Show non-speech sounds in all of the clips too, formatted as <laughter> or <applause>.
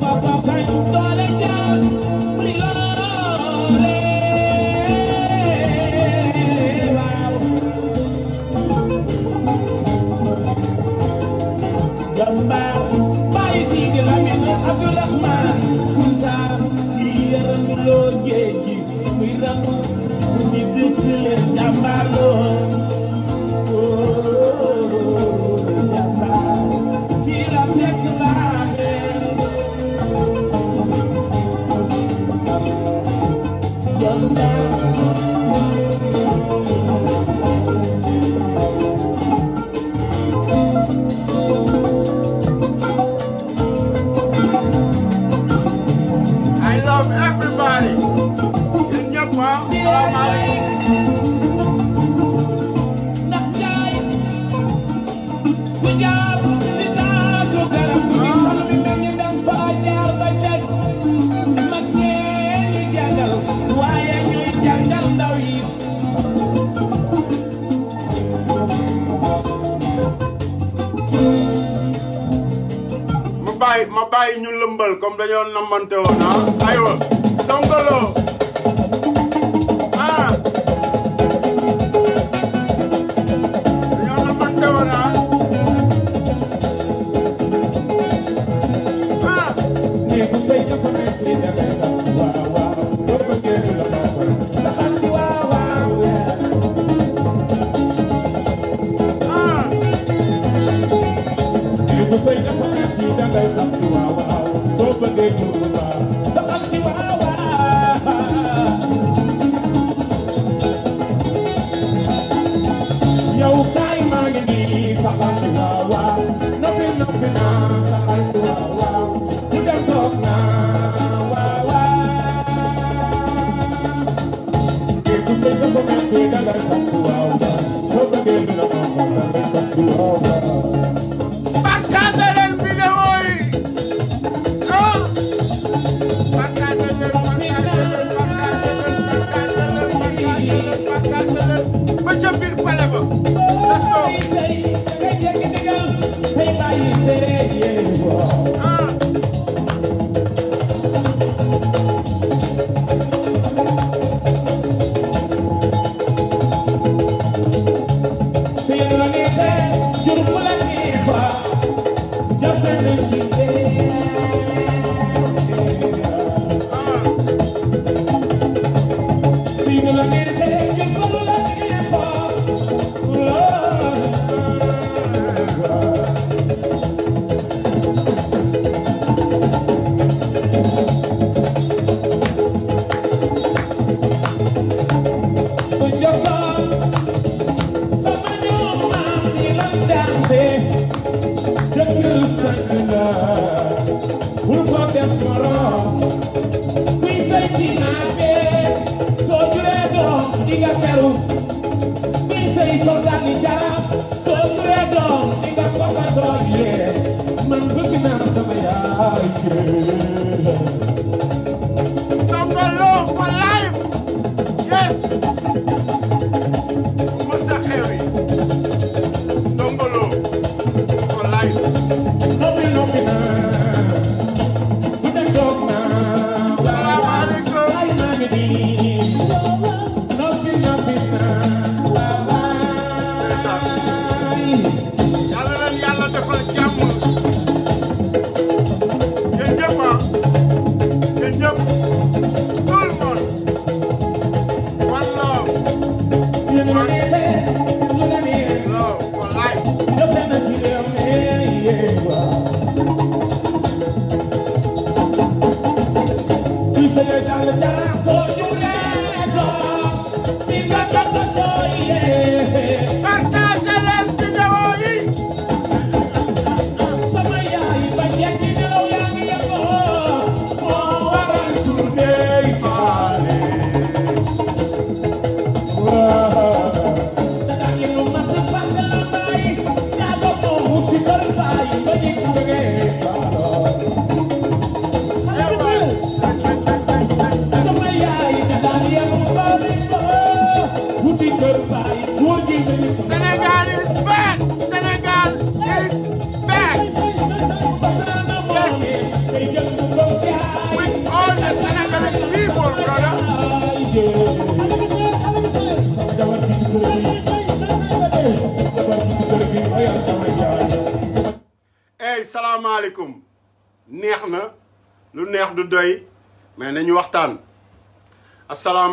papa, papa,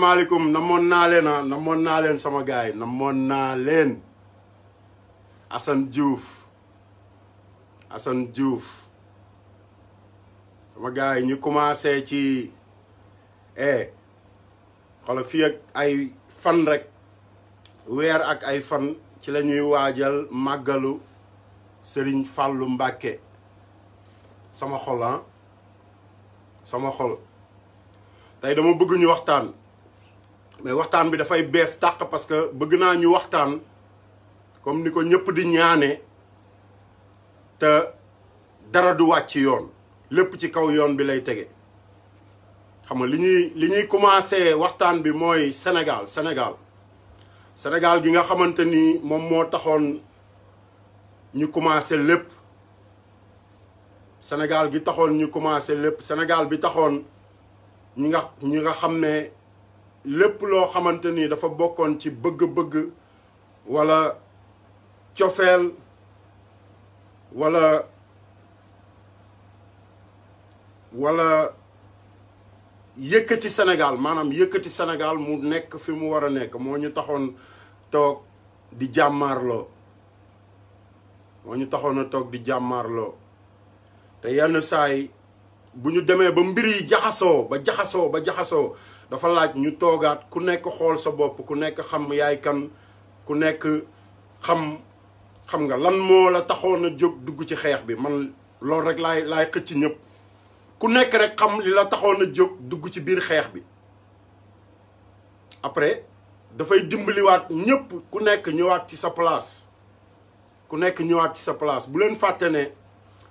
salaamaaleykum namoon naa leen ah, namoon naa leen sama gaay yi namoon naa leen Assane Diouf Assane Diouf sama yi ñu commencé ci eh xolo ak ay fan rek weer ak ay fan ci lañuy waajal màggalu Serigne fàllu Mbacké sama xol ah sama xol tey dama bëgg ñu waxtaan mais waxtaan bi dafay bees tàq parce que bëgg naa ñu waxtaan comme ni ko ñëpp di ñaane te dara du wàcc yoon lépp ci kaw yoon bi lay tege xam nga li ñuy li ñuy commencé waxtaan bi mooy Sénégal Sénégal Sénégal gi nga xamante ni moom moo taxoon ñu commencé lépp Sénégal gi taxoon ñu commencé lépp Sénégal bi taxoon ñi nga ñi nga xam ne lépp loo xamante ni dafa bokkoon ci bëgg-bëgg wala cofeel wala wala yëkkati senegal maanaam yëkkati senegal mu nekk fi mu war a nekk moo ñu taxoon toog di jàmmaarloo moo ñu taxoon a toog di jàmmaarloo te yenn saay bu ñu demee ba mbir yi jaxasoo ba jaxasoo ba jaxasoo dafa laaj ñu toogaat ku nekk xool sa bopp ku nekk xam yaay kan ku nekk xam xam nga lan moo la taxoon a jóg dugg ci xeex bi man loolu rek laay laay xëcc ñëpp ku nekk rek xam li la taxoon a jóg dugg ci biir xeex bi après dafay dimbaliwaat ñépp ku nekk ñëwaat ci sa place ku nekk ñëwaat ci sa place bu leen fàtte ne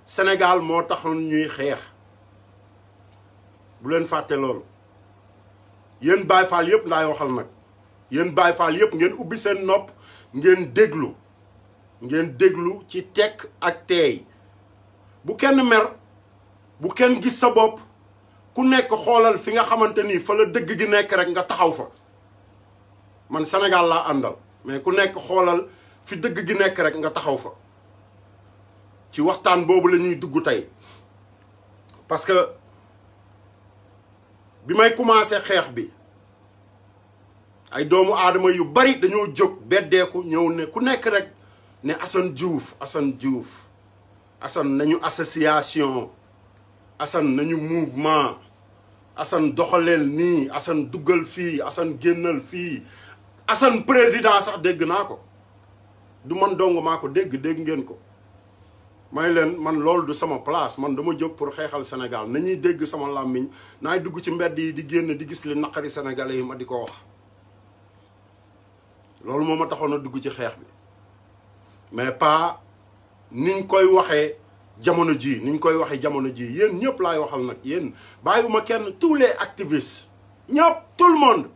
senegal moo taxoon ñuy xeex bu leen fàtte loolu yéen Baay Faal yëpp laay waxal nag yéen Baay Faal yëpp ngeen ubbi seen nopp ngeen déglu ngeen déglu ci tekk ak teey bu kenn mer bu kenn gis sa bopp ku nekk xoolal fi nga xamante ni fa la dëgg gi nekk rek nga taxaw fa man Sénégal laa àndal mais ku nekk xoolal fi dëgg gi nekk rek nga taxaw fa ci waxtaan boobu lañuy dugg tey parce bi may commencé xeex bi ay doomu aadama yu bari dañoo jóg beddeeku ñëw ne ku nekk rek ne Assane Diouf Assane Diouf Assane nañu association Assane nañu mouvement Assane doxaleel nii Assane duggal fii Assane génnal fii Assane président sax dégg naa ko du man dong ko dégg dégg ngeen ko may leen man loolu du sama place man dama jóg pour xeexal Sénégal nañuy dégg sama làmmiñ naay dugg ci mbedd yi di génn di gis li naqari sénégalais yi ma di ko wax loolu moom ma taxoon a dugg ci xeex bi mais pas niñ koy waxee jamono jii niñ koy waxee jamono jii yéen ñëpp laay waxal nag yéen bàyyiwuma kenn tous les activistes ñëpp tout le monde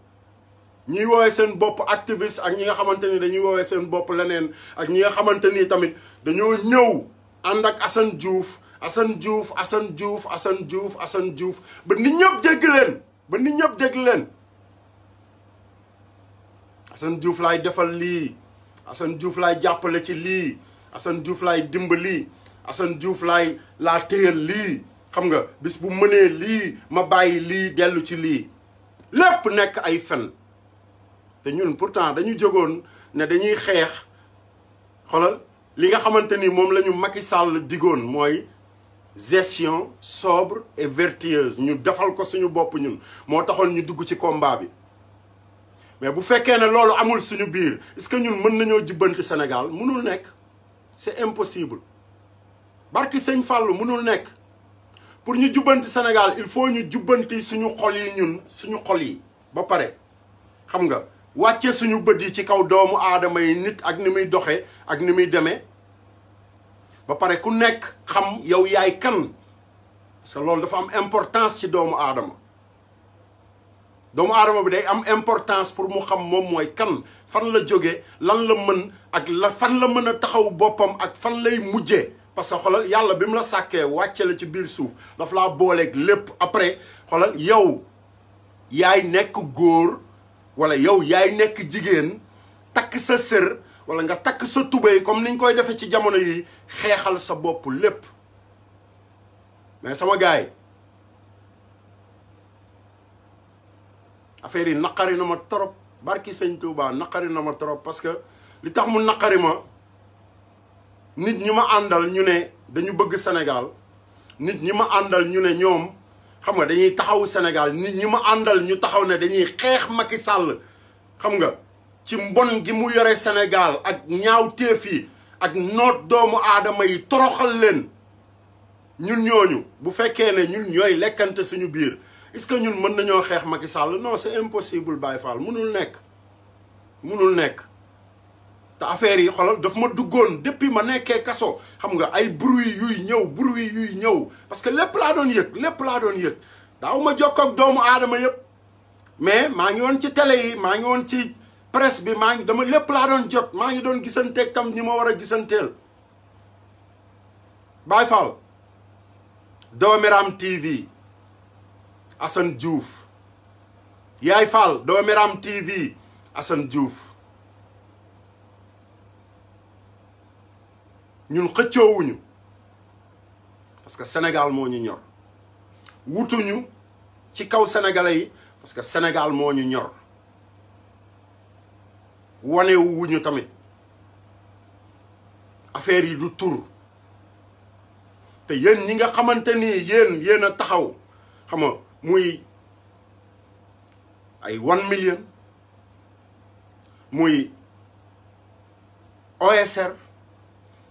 ñuy woowee seen bopp activiste ak ñi nga xamante ni dañuy woowee seen bopp leneen ak ñi nga xamante ni tamit dañoo ñëw ànd ak Assane Diouf Assane Diouf Assane Diouf Assane Diouf Assane Diouf ba nit ñëpp dégg leen ba nit ñëpp dégg leen Assane Diouf laay defal lii Assane juuf laay jàppale ci lii Assane Diouf laay dimbali Assane juuf lay laa téyal lii xam nga bis bu mënee lii ma bàyyi lii dellu ci lii lépp nekk ay fen te ñun pourtant dañu jógoon ne dañuy xeex xolal li nga xamante ni moom la ñu Macky Sall digoon mooy gestion sobre et vertueuse ñu defal ko suñu bopp ñun moo taxoon ñu dugg ci combat bi mais bu fekkee ne loolu amul suñu biir est que ñun mën nañoo jubbanti Sénégal munul nekk c'est impossible barki sëñ Fallou mënul nekk pour ñu jubbanti Sénégal il faut ñu jubbanti suñu xol yi ñun suñu xol yi ba pare xam nga wàcce suñu bët yi ci kaw doomu aadama yi nit ak ni muy doxee ak ni muy demee ba pare ku nekk xam yow yaay kan parce que loolu dafa am importance ci doomu aadama doomu aadama bi day am importance pour mu xam moom mooy kan fan la jóge lan la mën ak la fan la mën a taxaw boppam ak fan lay mujjee parce que xoolal yàlla bi mu la sàkkee wàcce la ci biir suuf daf laa booleeg lépp après xoolal yow yaay nekk góor walla yow yaay nekk jigéen takk sa sër wala nga takk sa tubéy comme niñ koy defee ci jamono yi xeexal sa bopp lépp mais sama gars yi affaire yi naqari na ma trop barki sëñ Touba naqari na ma trop parce que li tax mu naqari ma nit ñi ma àndal ñu ne dañu bëgg Sénégal nit ñi ma àndal ñu ne ñoom xam nga dañuy taxawu Sénégal nit ñi ma àndal ñu taxaw ne dañuy xeex Macky sàll xam nga ci mbon gi mu yore Sénégal ak ñaaw téef yi ak noot doomu aadama yi toroxal leen ñun ñooñu bu fekkee ne ñun ñooy lekkante suñu biir est-ce que ñun mën nañoo xeex Macky Sall non c'est impossible Baye Fall munul nekk munul nekk te affaire yi xoolal daf ma duggoon depuis ma nekkee kaso xam nga ay bruit yuy ñëw bruit yuy ñëw parce que lépp laa doon yëg lépp laa doon yëg daaw ma jokk jokkoog doomu aadama yëpp mais maa ngi woon ci télé yi maa ngi woon ci presse bi maa ngi dama lépp laa doon jot maa ngi doon gisanteeg tam ñi ma war a gisanteel Baay Faal Dooméram TV Assane Diouf Yaay Faal Dooméram TV Assane Diouf ñun xëccoowuñu parce que Sénégal moo ñu ñor wutuñu ci kaw sénégalais yi parce que Sénégal moo ñu ñor wanewu wuñu tamit affaire yi du tur te yéen ñi nga xamante ni yéen yéen a taxaw xama muy ay one million muy OSR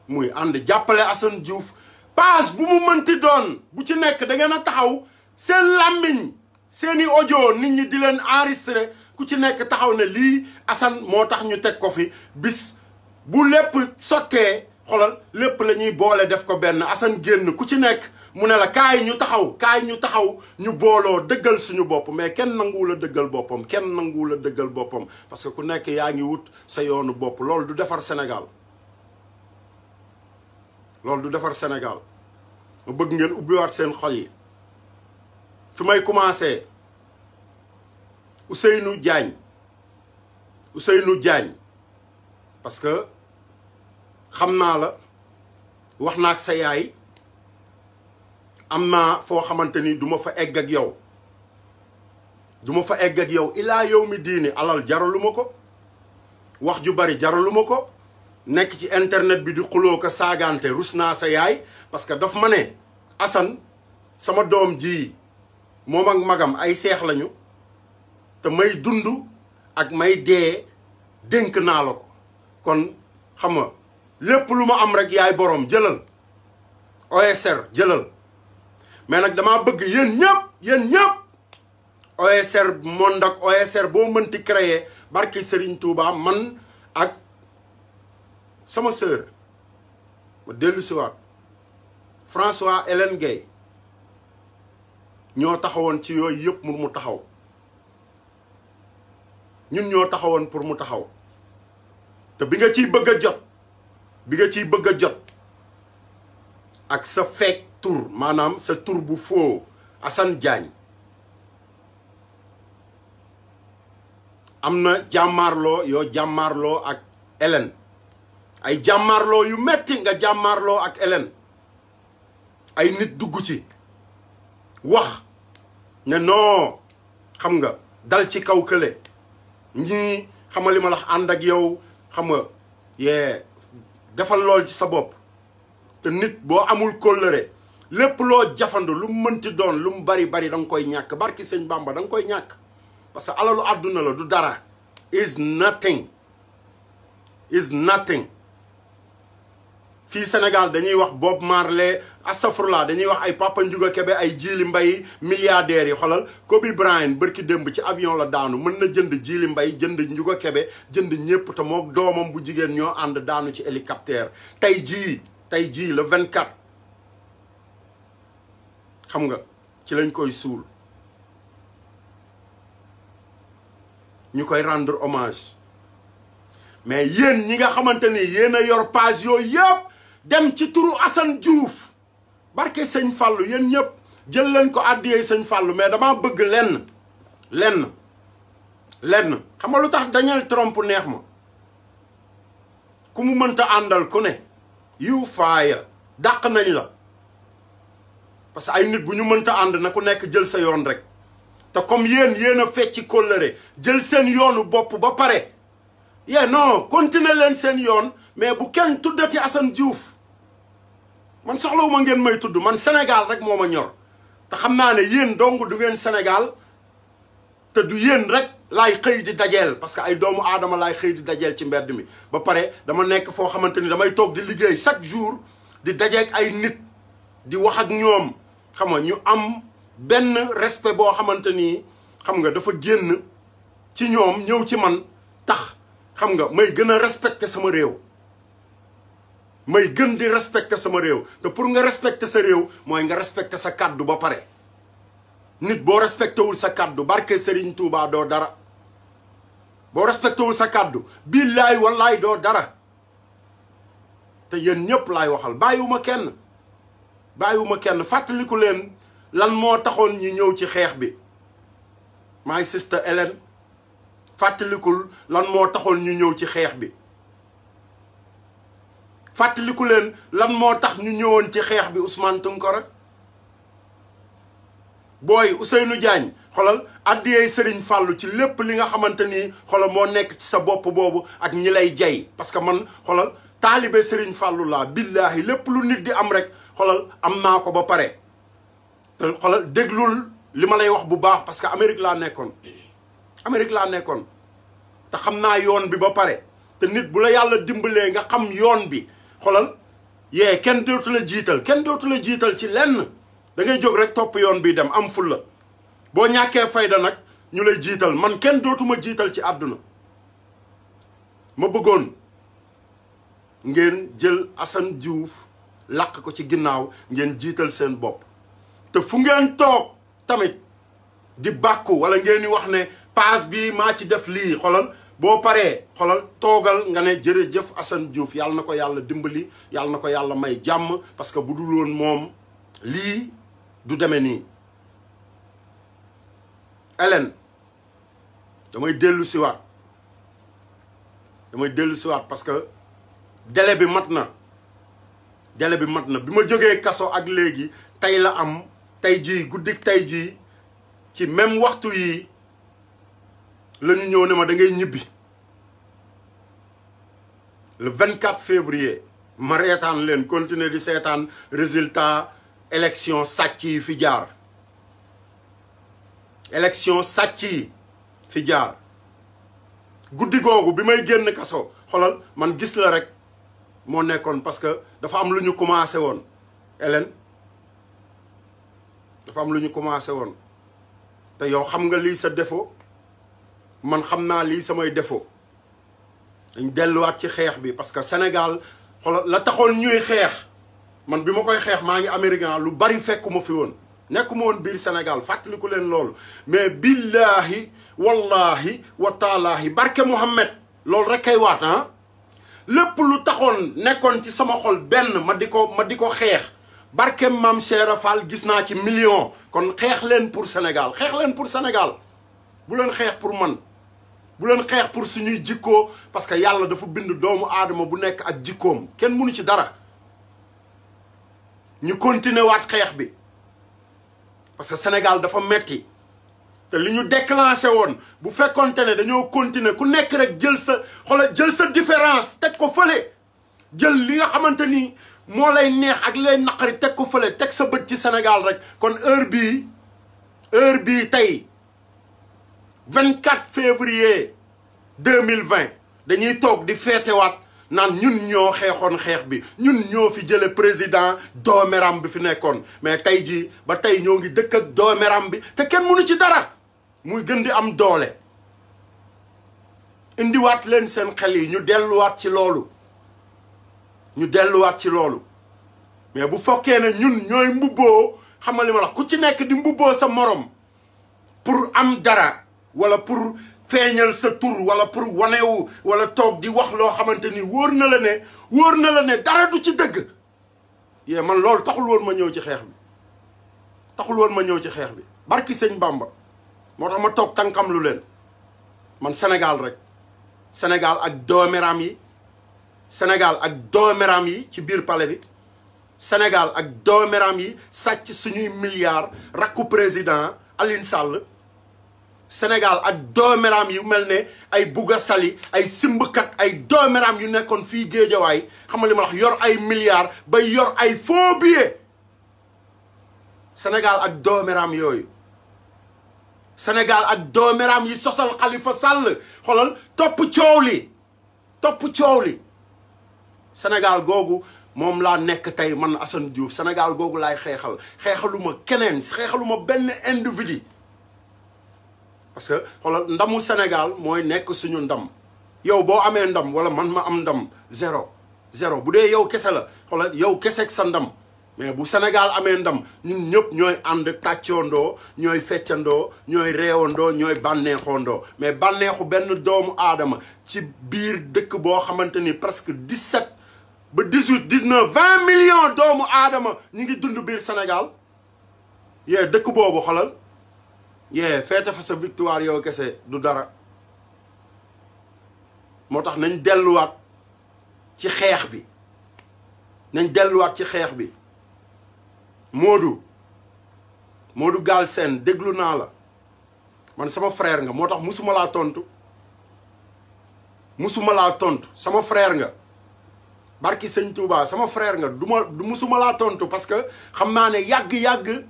muy ànd jàppale Assane Diouf paas bu mu mënti doon bu ci nekk da ngeen a taxaw seen làmmiñ seeni audio nit ñi di leen enregistré ku ci nekk taxaw ne lii Assane moo tax ñu teg ko fi bis bu lépp sottee xoolal lépp lañuy ñuy boole def ko benn Assane génn ku ci nekk mu ne la kaay ñu taxaw kaay ñu taxaw ñu booloo dëggal suñu bopp mais kenn nanguwul a dëggal boppam kenn nanguwul a dëggal boppam parce que ku nekk yaa ngi wut sa yoonu bopp loolu du defar senegal loolu du defar Sénégal ma bëgg ngeen ubbiwaat seen xol yi fi may commencer Ousseynou jaañ Ousseynou jaañ parce que xam naa la wax naa ak sa yaay am naa foo xamante ni duma fa egg ak yow duma fa egg ak yow ilaa yow mi diini alal jaraluma ko wax ju bari jaraluma ko nekk ci internet bi di xuloo ko saagante rus naa sa yaay parce que daf ma ne Assane sama doom ji moom ak magam ay seex lañu te may dund ak may dee dénk naa la ko kon xam nga lépp lu ma am rek yaay boroom jëlal OSR jëlal mais nag dama bëgg yéen ñëpp yéen ñëpp OSR monde ak OSR boo mënti créer barki Serigne Touba man ak sama sœur ma dellu siwaat François Hélène Guèye ñoo taxawoon ci yooyu yëpp mu taxaw ñun ñoo taxawoon pour mu taxaw te bi nga ciy bëgg jot bi nga ciy bëgg a jot ak sa fekk tur maanaam sa tur bu foo Assane Diagne am na jàmmaarloo yoo jàmmaarloo ak Hélène ay jàmmaarloo yu metti nga jàmmaarloo ak Hélène ay nit dugg ci wax ne noo xam nga dal ci kaw kële ñii xamal li ma ànd ak yow xam nga yee defal lool ci sa bopp te nit boo amul kóllëre lépp loo jafandu lu mu mënti doon lu mu bari bari da nga koy ñàkk barki sëñ Bamba da nga koy ñàkk parce que alalu àdduna la du dara is nothing is nothing fii senegal dañuy wax Bob Marley astafurlaa dañuy wax ay Papa Ndiouga Kébé ay Djily mbay milliardaires yi xolal Kobe Bryant bërki démb ci avion la daanu mën na jënd Djily mbay jënd Ndiouga Kébé jënd ñépp te mook doomam bu jigéen ñoo ànd daanu ci hélicoptère tey jii tey jii le 24 xam nga ci lañ koy suul ñu koy rendre hommage mais yéen ñi nga xamante ni yéen a yor page yooyu yëpp dem ci turu Assane Diouf barke sëñ fàllu yéen ñëpp jël leen ko àddiyee sëñ fàllu mais dama bëgg lenn lenn lenn xam lu tax Donald tromp neex ma ku mu mënta àndal ku ne you fire dàq nañ la parce que ay nit bu ñu mënta ànd na ku nekk jël sa yoon rek te comme yéen yéen a fecci kóllëre jël seen yoonu bopp ba pare yee non continuer leen seen yoon mais bu kenn tuddati Assane Diouf man ma ngeen may tudd man Sénégal rek moo ma ñor te xam naa ne yéen dong du ngeen Sénégal te du yéen rek laay xëy di dajeel parce que ay doomu aadama laay xëy di dajeel ci mbedd mi. ba pare dama nekk foo xamante ni damay toog di liggéey chaque jour di dajeek ay nit di wax ak ñoom xam nga ñu am benn respect boo xamante ni xam nga dafa génn ci ñoom ñëw ci man tax xam nga may gën a respecter sama réew. may gën di respecter sama réew te pour nga respecter sa réew mooy nga respecter sa kàddu ba pare nit boo respecté wul sa kàddu barke Serigne Touba doo dara boo respecté wul sa kàddu bii billaay wallaay doo dara te yéen ñëpp laay waxal bàyyiwuma kenn bàyyiwuma kenn fàttaliku leen lan moo taxoon ñu ñëw ci xeex bi my sister Hélène fàttalikul lan moo taxoon ñu ñëw ci xeex bi fàttaliku leen lan moo tax ñu ñëwoon ci xeex bi Ousmane Tounkara booy Ousseynou Diagne xolal addiyey Serigne fàllu ci lépp li nga xamante ni xolal moo nekk ci sa bopp boobu ak ñi lay jay parce que man xolal taalibe Serigne Fallou laa billaahi lépp lu nit di am rek xolal am naa ko ba pare te xolal déglul li ma lay wax bu baax parce que Amérique laa nekkoon Amérique laa nekkoon te xam naa yoon bi ba pare te nit bu la yàlla dimbalee nga xam yoon bi xolal yee kenn dootu la jiital kenn dootu la jiital ci lenn dangay ngay jóg rek topp yoon bi dem am fulla boo ñàkkee fayda nag ñu lay jiital man kenn dootuma jiital ci àdduna ma bëggoon ngeen jël Assane Diouf làq ko ci ginnaaw ngeen jiital seen bopp te fu ngeen toog tamit di bàkku wala ngeen di wax ne paas bi maa ci def lii xolal boo paree xolal toogal nga ne jërëjëf Assane Diouf yàlla na ko yàlla dimbali yàlla na ko yàlla may jàmm parce que bu dul woon moom lii du demee nii Hélène damay dellu siwaat damay dellu siwaat parce que délai bi mat na délai bi mat na bi ma jógee kaso ak léegi tey la am tey jii guddik tey jii ci même waxtu yi la ñu ñëw ne ma dangay ngay ñibbi le 24 février ma reetaan leen continuer di seetaan résultat élection sàcc yi fi jaar élection sàcc yi fi jaar guddi googu bi may génn kaso xolal man gis la rek moo nekkoon parce que dafa am lu ñu commencé woon Hélène dafa am lu ñu commencé woon te yow xam nga lii sa défaut man xam naa lii samay défaut dañ delluwaat ci xeex bi parce que Sénégal xoolal la taxoon ñuy xeex man bi ma koy xeex maa ngi américain lu bari fekkuma fi woon nekkuma woon biir Sénégal fàttaliku leen lool mais billahi wallahi wa taalaahi barke Muhammad loolu rek kay waat ah lépp lu taxoon nekkoon ci sama xol benn ma di ko ma di ko xeex barke mam Cheikh Fall gis naa ci million kon xeex leen pour Sénégal xeex leen pour Sénégal bu leen xeex pour man bu leen xeex pour suñuy jikkoo parce que yàlla dafa bind doomu aadama bu nekk ak jikkoom kenn mënu ci dara ñu continuer waat xeex bi parce que Sénégal dafa metti te li ñu déclenché woon bu fekkonte ne dañoo continuer ku nekk rek jël sa xoolal jël sa différence teg ko fële jël li nga xamante ni moo lay neex ak lay naqari teg ko fële teg sa bët ci Sénégal rek kon heure bi heure bi tey 24 février 2020 dañuy toog di feetewaat naan ñun ñoo xeexoon xeex bi ñun ñoo fi jële président doomeram bi fi nekkoon mais tey jii ba tey ñoo ngi dëkk doomeram bi te kenn mënu ci dara muy gën di am doole indiwaat leen seen xel yi ñu delluwaat ci loolu ñu delluwaat ci loolu mais bu fokkee ne ñun ñooy mbubboo xamal li ma la ku ci nekk di mbubboo sa morom pour am dara wala pour feeñal sa tur wala pour wanewu wala toog di wax loo xamante ni wóor na la ne wóor na la ne dara du ci dëgg yee man loolu taxul woon ma ñëw ci xeex bi taxul woon ma ñëw ci xeex bi barki sëñ Bamba moo tax ma toog tànkam lu leen man Sénégal rek Sénégal ak dooméram yi Sénégal ak doomeram yi ci biir pale bi Sénégal ak dooméram yi sàcc suñuy milliards rakku président Aline sàll Sénégal ak doomeraam yu mel ne ay Bouga Sali ay simbkat ay doomeraam yu nekkoon fii géejawaay xam nga li ma wax yor ay milliards bay yor ay faux billets Sénégal ak doomeraam yooyu Sénégal ak doomeraam yi sosal Khalifa Sall xoolal topp coow li topp coow li Sénégal googu moom laa nekk tey man Assane Diouf Sénégal googu lay xeexal xeexaluma keneen xeexaluma benn individu parce que xoolal ndamu Sénégal mooy nekk suñu ndam yow boo amee ndam wala man ma am ndam zéro zéro bu dee yow kese la xoolal yow keseeg sa ndam mais bu Sénégal amee ndam ñu ñëpp ñooy ànd tàccoondoo ñooy feccandoo ñooy reewandoo ñooy bànneexoondoo mais bànneexu benn doomu aadama ci biir dëkk boo xamante ni presque 17 ba 18 19 20 millions doomu aadama ñu ngi dund biir Sénégal yee dëkk boobu xoolal yee feete fa sa victoire yow kese du dara moo tax nañ delluwaat ci xeex bi nañ delluwaat ci xeex bi Modou gaal seen déglu naa la man sama frère nga moo tax musuma laa tontu musuma laa tontu sama frère nga barki sëñ Touba sama frère nga du ma musuma laa tontu parce que xam naa ne yàgg-yàgg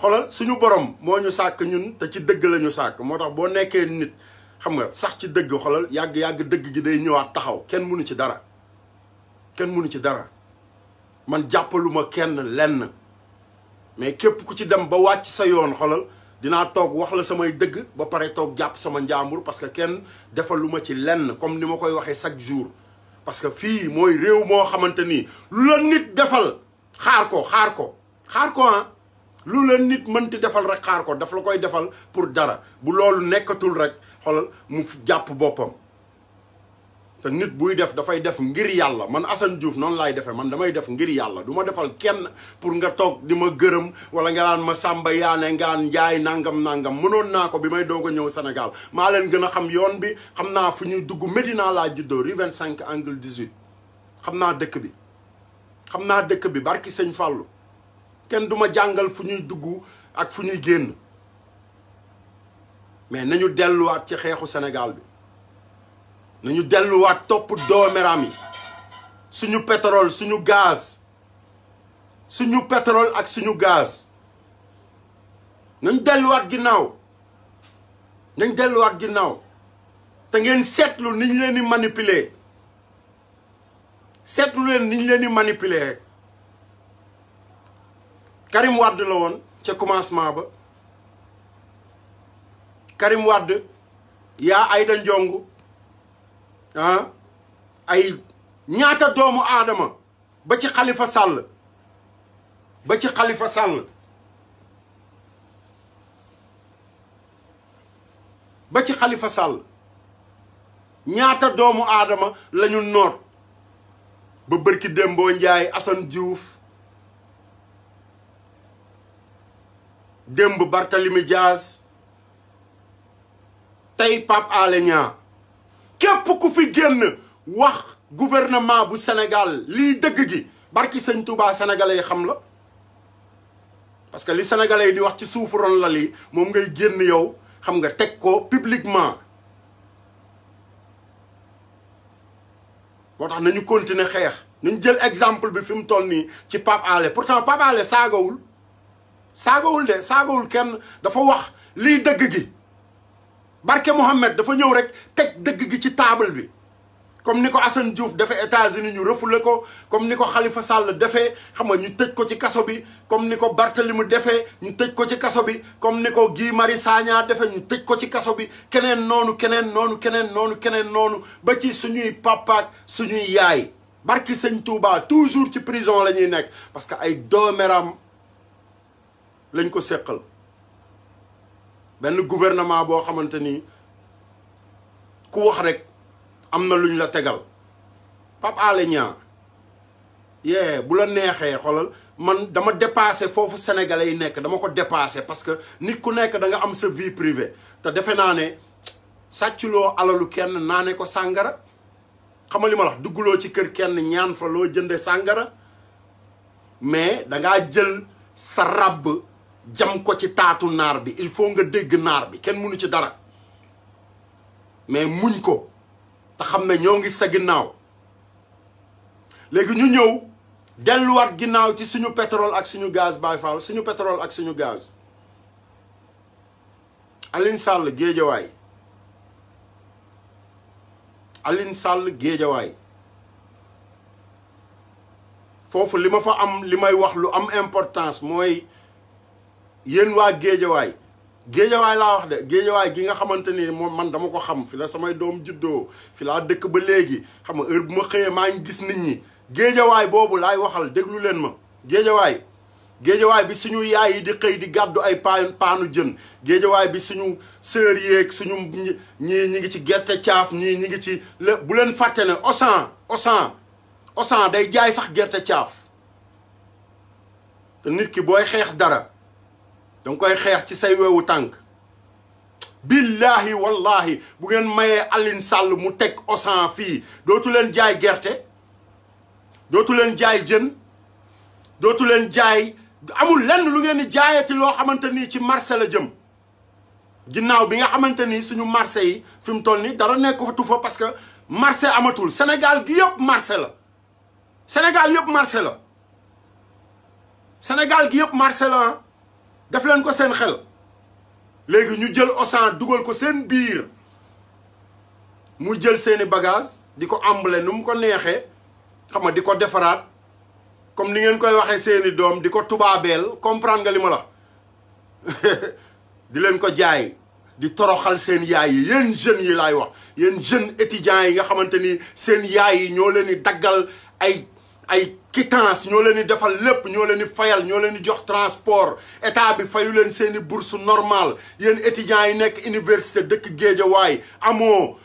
xoolal suñu borom moo ñu sàkk ñun te ci dëgg la ñu sàkk moo tax boo nekkee nit xam nga sax ci dëgg xolal yàgg-yàgg dëgg gi day ñëwaat taxaw kenn mënu ci dara kenn munu ci dara man jàppaluma kenn lenn mais képp ku ci dem ba wàcc sa yoon xoolal dinaa toog wax la samay dëgg ba pare toog jàpp sama njaambur parce que kenn defaluma ci lenn comme ni ma koy waxee chaque jour parce que fii mooy réew moo xamante ni lu la nit defal xaar ko xaar ko xaar ko ah lu leen nit mënti defal rek xaar ko daf la koy defal pour dara bu loolu nekkatul rek xoolal mu jàpp boppam te nit buy def dafay def ngir yàlla man Assane Diouf noonu laay defee man damay def ngir yàlla du ma defal kenn pour nga toog di ma gërëm wala nga naan ma sàmba yaane ngaan njaay nangam nangam mënoon naa ko bi may doog a ñëw senegal maa leen gën a xam yoon bi xam naa fu ñuy dugg Médina laa juddoo rue 25 angle 18 xam naa dëkk bi xam naa dëkk bi barki sëñ Fallou kenn du ma jàngal fu ñuy dugg ak fu ñuy génn mais nañu delluwaat ci xeexu Sénégal bi nañu delluwaat topp dooméram yi suñu pétrole suñu gaz suñu pétrole ak suñu gaz nañ delluwaat ginnaaw nañ delluwaat ginnaaw te ngeen seetlu niñ leen di manipuler seetlu leen niñ leen di manipuler Karim Wade la woon ca commencement ba Karim Wade yaa ay Ndiongue ah ay ñaata doomu aadama ba ci Khalifa Sall ba ci Khalifa Sall ba ci xalifa Sall ñaata doomu aadama lañu noot ba bërki Dembo Ndiaye Assane Diouf démb Barthélemy Dias tey Pape Alé Niang képp ku fi génn wax gouvernement bu Sénégal lii dëgg gi barki sëñ Touba sénégalais yi xam la parce que li sénégalais yi di wax ci suufu ron la li moom ngay génn yow xam nga teg ko publiquement moo tax nañu continuer xeex nañ jël exemple bi fi mu toll nii ci Pape Alé pourtant Pape Alé saagawul saagawul de saagawul kenn dafa wax lii dëgg gi barke Mohammed dafa ñëw rek teg dëgg gi ci table bi comme ni ko Assane Diouf defee États-Unis ñu refoulé ko comme ni ko Khalifa Sall defee xam nga ñu tëj ko ci kaso bi comme ni ko Barthélemy defee ñu tëj ko ci kaso bi comme ni ko Guy Marius Sagna defee ñu ko ci kaso bi keneen noonu keneen noonu keneen noonu keneen noonu ba ci suñuy papaak suñuy yaay barki sëñ Touba toujours ci prison la ñuy nekk parce que ay doomeram lañ ko seqal benn gouvernement boo xamante ni ku wax rek am na lu luñ la tegal Pape Alé Niang yee bu la neexee xoolal man dama dépassé foofu sénégalais yi nekk dama ko dépassé parce que nit ku nekk da nga am sa vie privée te defe naa ne sàcculoo alalu kenn naane ko sàngara xamal li ma wax duggloo ci kër kenn ñaan fa loo jënde sàngara mais dangaa jël sa ràbb jam ko ci taatu naar bi il faut nga dégg naar bi kenn mënu ci dara mais muñ ko te xam ne ñoo ngi sa ginnaaw léegi ñu ñëw delluwaat ginnaaw ci suñu pétrole ak suñu gaz Baay suñu pétrole ak suñu gaz Aline Sall géejawaay Aline sàll géejawaay foofu li ma fa am li may wax lu am importance mooy yéen waa géejawaay géejawaay laa wax de géejawaay gi nga xamante ni moom man dama ko xam fi la samay doom juddoo fi laa dëkk ba léegi xam nga heure bu ma xëyee maa ngi gis nit ñi géejawaay boobu laay waxal déglu leen ma géejawaay géejawaay bi suñu yaay yi di xëy di gàddu ay paan paanu jën géejawaay bi suñu sœur yeeg suñu ñi ñi ngi ci gerte caaf ñii ñi ngi ci lépp bu leen fàtte ne Auchan Auchan Auchan day jaay sax gerte caaf te nit ki booy xeex dara danga koy xeex ci say wewu tànk billahi wallahi bu ngeen mayee Alioune sàll mu teg Auchan fii dootu leen jaay gerte dootu leen jaay jën dootu leen jaay amul lenn lu ngeen di jaayati loo xamante ni ci marché la jëm ginnaaw bi nga xamante ni suñu marché yi fi mu toll nii dara nekkatu fa parce que marché amatul Sénégal gi yëpp marché la Sénégal yëpp marché la Sénégal gi yëpp marché la ah. def leen ko seen xel léegi ñu jël Auchan dugal ko seen biir mu jël seeni bagage di ko emballé nu mu ko neexee xam nga di ko defaraat comme ni ngeen koy waxee seeni doom di ko tubaabeel comprendre nga li ma la <laughs> di leen ko jaay di toroxal seen yaay yi yéen jeunes yi laay wax yéen jeunes étudiants yi nga xamante ni seen yaay yi ñoo leen di daggal ay ay quittance ñoo leen di defal lépp ñoo leen di fayal ñoo leen di jox transport état bi fayu leen seeni bourse normal yéen étudiants yi nekk université dëkk géejawaay amoo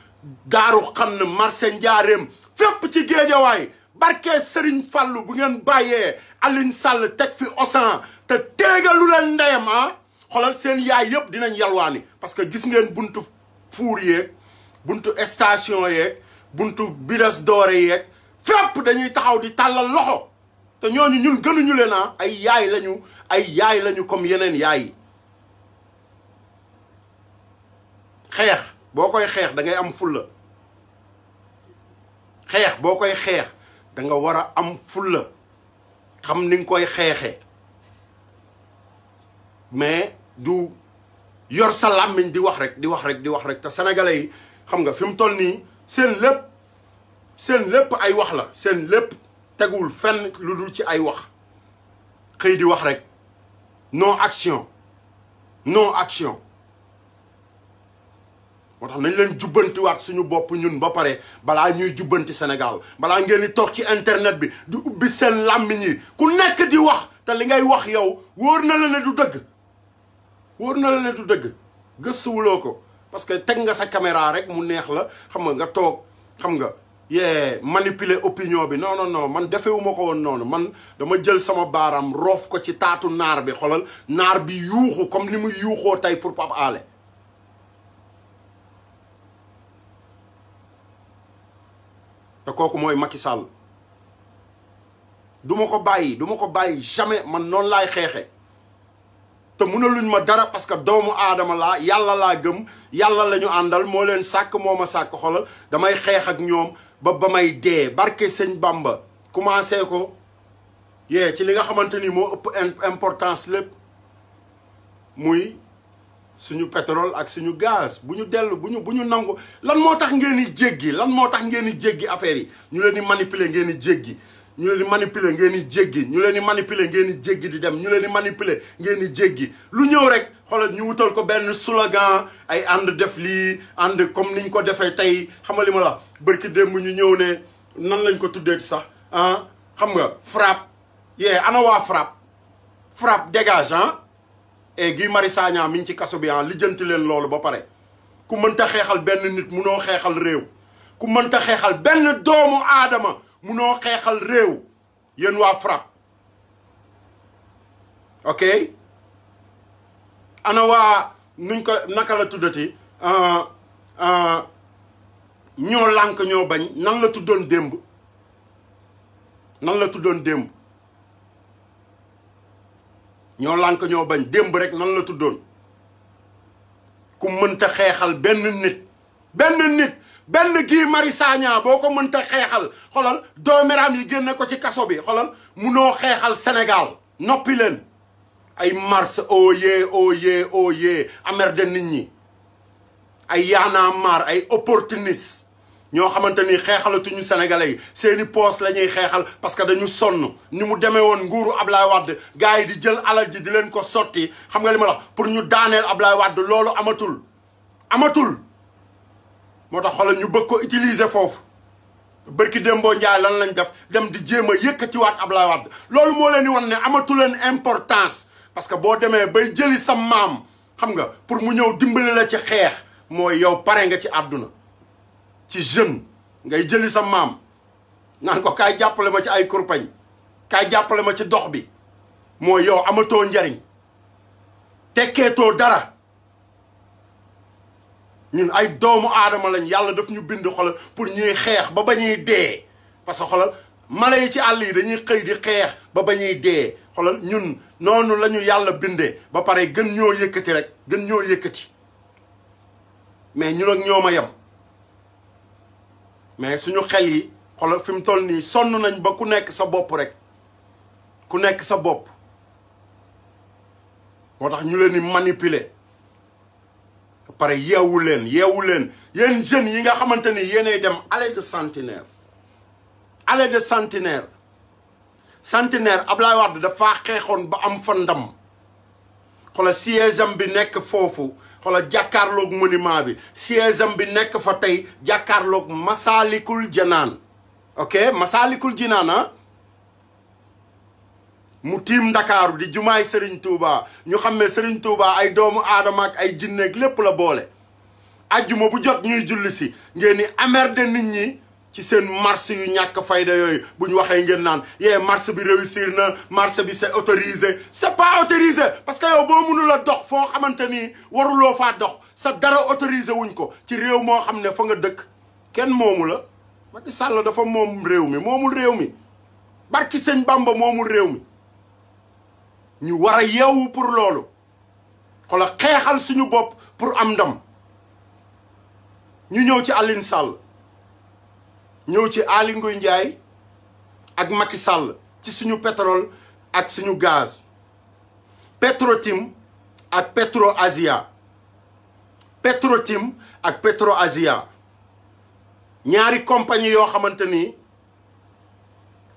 daaru xam ne marché njaareem fep ci géejawaay barke Serigne Fallou bu ngeen bàyyee Aline Sall teg fi osan te teegalu leen ndeyam ah xoolal seen yaay yëpp dinañ yalwaani parce que gis ngeen buntu fuur yeeg buntu station yeeg buntu bidas doore yeeg fépp dañuy taxaw di tàllal loxo te ñooñu ñun gënuñu leen a ay yaay lañu ay yaay lañu comme yeneen yaay xeex boo koy xeex da ngay am fulla xeex boo koy xeex da nga war a am fulla xam ni koy xeexee mais du yor sa làmmiñ di wax rek di wax rek di wax rek te sénégalais yi xam nga fi mu toll nii seen lépp seen lépp ay wax la seen lépp tegul fenn lu dul ci ay wax xëy di wax rek non action non action moo tax nañ leen jubbantiwaat suñu bopp ñun ba pare balaa ñuy jubbanti Sénégal balaa ngeen di toog ci internet bi di ubbi seen làmmiñ ku nekk di wax te li ngay wax yow wóor na la ne du dëgg wóor na la ne du dëgg gëstuwuloo ko parce que teg nga sa caméra rek mu neex la xam nga nga toog xam nga yee manipuler opinion bi non non non man defewuma ko woon noonu man dama jël sama baaraam roof ko ci taatu naar bi xolal naar bi yuuxu comme ni mu yuuxoo tey pour Pape ale te kooku mooy Macky Sall du ko bàyyi duma ko bàyyi jamais man noonu laay xeexe te luñ ma dara parce que doomu aadama laa yàlla laa gëm yàlla lañu àndal moo leen sàkk moo ma sàkk xolal damay xeex ak ñoom ba ba may dee barke sëñ Bamba commencé ko yee ci li nga xamante ni moo ëpp importance lépp muy suñu pétrole ak suñu gaz bu ñu dellu bu ñu bu nangu lan moo tax ngeen di jéggi lan moo tax ngeen di jéggi affaire yi ñu leen di manipuler ngeen di jéggi ñu leen di manipuler ngeen di jéggi ñu leen di ngeen di jéggi di dem ñu leen di manipuler ngeen di jéggi lu ñëw rek xoolal ñu wutal ko benn slogan ay ànd def lii ànd comme niñ ko defee tey xam nga li ma la bërki démb ñu ñëw ne nan lañ ko tuddee sax ah xam nga frappe yee ana waa frappe frappe dégage ah et eh, Guy Marius ci kaso bi ah lijjanti leen loolu ba pare ku mënta xeexal benn nit munoo xeexal réew ku mënta xeexal benn doomu aadama munoo xeexal réew yéen waa FRAPP ok ana waa nuñ ko naka la tuddati euh, euh, ñoo lànk ñoo bañ nan la tuddoon démb nan la tuddoon démb ñoo lank ñoo bañ démb rek nan la tuddoon ku mënta xeexal benn nit benn nit benn Guy Marius Sagna boo ko mënta xeexal xolal doomeraam yi génne ko ci kaso bi xolal munoo xeexal Sénégal noppi leen ay mars oyee oyee oyee amer de nit ñi ay yaanaa maar ay opportuniste ñoo xamante ni xeexalatuñu sénégalais yi seeni poos la ñuy xeexal parce que dañu sonn ni mu demee woon nguuru Ablaye Wade gars yi di jël alal ji di leen ko sotti xam nga li ma pour ñu daaneel ab Ablaye Wade loolu amatul amatul moo tax xoolal ñu bëgg ko utiliser foofu bërki dem Ndiaye lan lañ def dem di jéem a yëkkatiwaat Ablaye Wade loolu moo leen di wan ne amatuleen importance parce que boo demee bay jëli sa maam xam nga pour mu ñëw dimbali la ci xeex mooy yow pare nga ci àdduna ci jeune ngay jëli sa maam naan ko kaay jàppale ma ci ay kurpañ kaay jàppale ma ci dox bi mooy yow amatoo njariñ tekkeetoo dara ñun ay doomu aadama lañ yàlla daf ñu bind xoolal pour ñuy xeex ba ba bañuy dee parce que xoolal mala yi ci àll yi dañuy xëy di xeex ba bañuy dee xoolal ñun noonu la ñu yàlla bindee ba pare gën ñoo yëkkati rek gën ñoo yëkkati mais ñun ak ñoom a yem mais suñu xel yi xoolal fi mu toll nii sonn nañ ba ku nekk sa bopp rek ku nekk sa bopp moo tax ñu leen di manipuler pare yeewu leen yeewu leen yéen jeunes yi nga xamante ni yéenay dem allée de centenaire allée de centenaire centenaire Ablaye Wade dafa xeexoon ba am fa ndam xoolal siège bi nekk foofu xoolal jàkkaarloog monument bi siège bi nekk fa tey jàkkaarloog Masaalikul Jinaan ok Masaalikul Jinaan ah? mu tiim ndakaaru di jumaay Serigne Touba ñu xam ne Serigne Touba ay doomu aadama ay jinneeg lépp la boole. ajjuma bu jot ñuy julli si ngeen ni amer de nit ñi ci seen marche yu ñàkk fayda yooyu bu ñu waxee ngeen naan yee marche bi réussir na marche bi c'est autorisé c'est pas autorisé parce que yow boo mënul a dox foo xamante ni waruloo faa dox sa dara autorisé wuñ ko ci réew moo xam ne fa nga dëkk kenn moomu la Macky Sall dafa moom réew mi moomul réew mi barki sëñ Bamba moomul réew mi ñu war a yeewu pour loolu xoolal xeexal suñu bopp pour am ndam ñu ñëw ci Aline Sall ñëw ci Aly Ngouille Ndiaye ak maki Sall ci suñu pétrole ak suñu gaz Petrotim ak Petro Asia Petrotim ak Petro Asia ñaari compagnie yoo xamante ni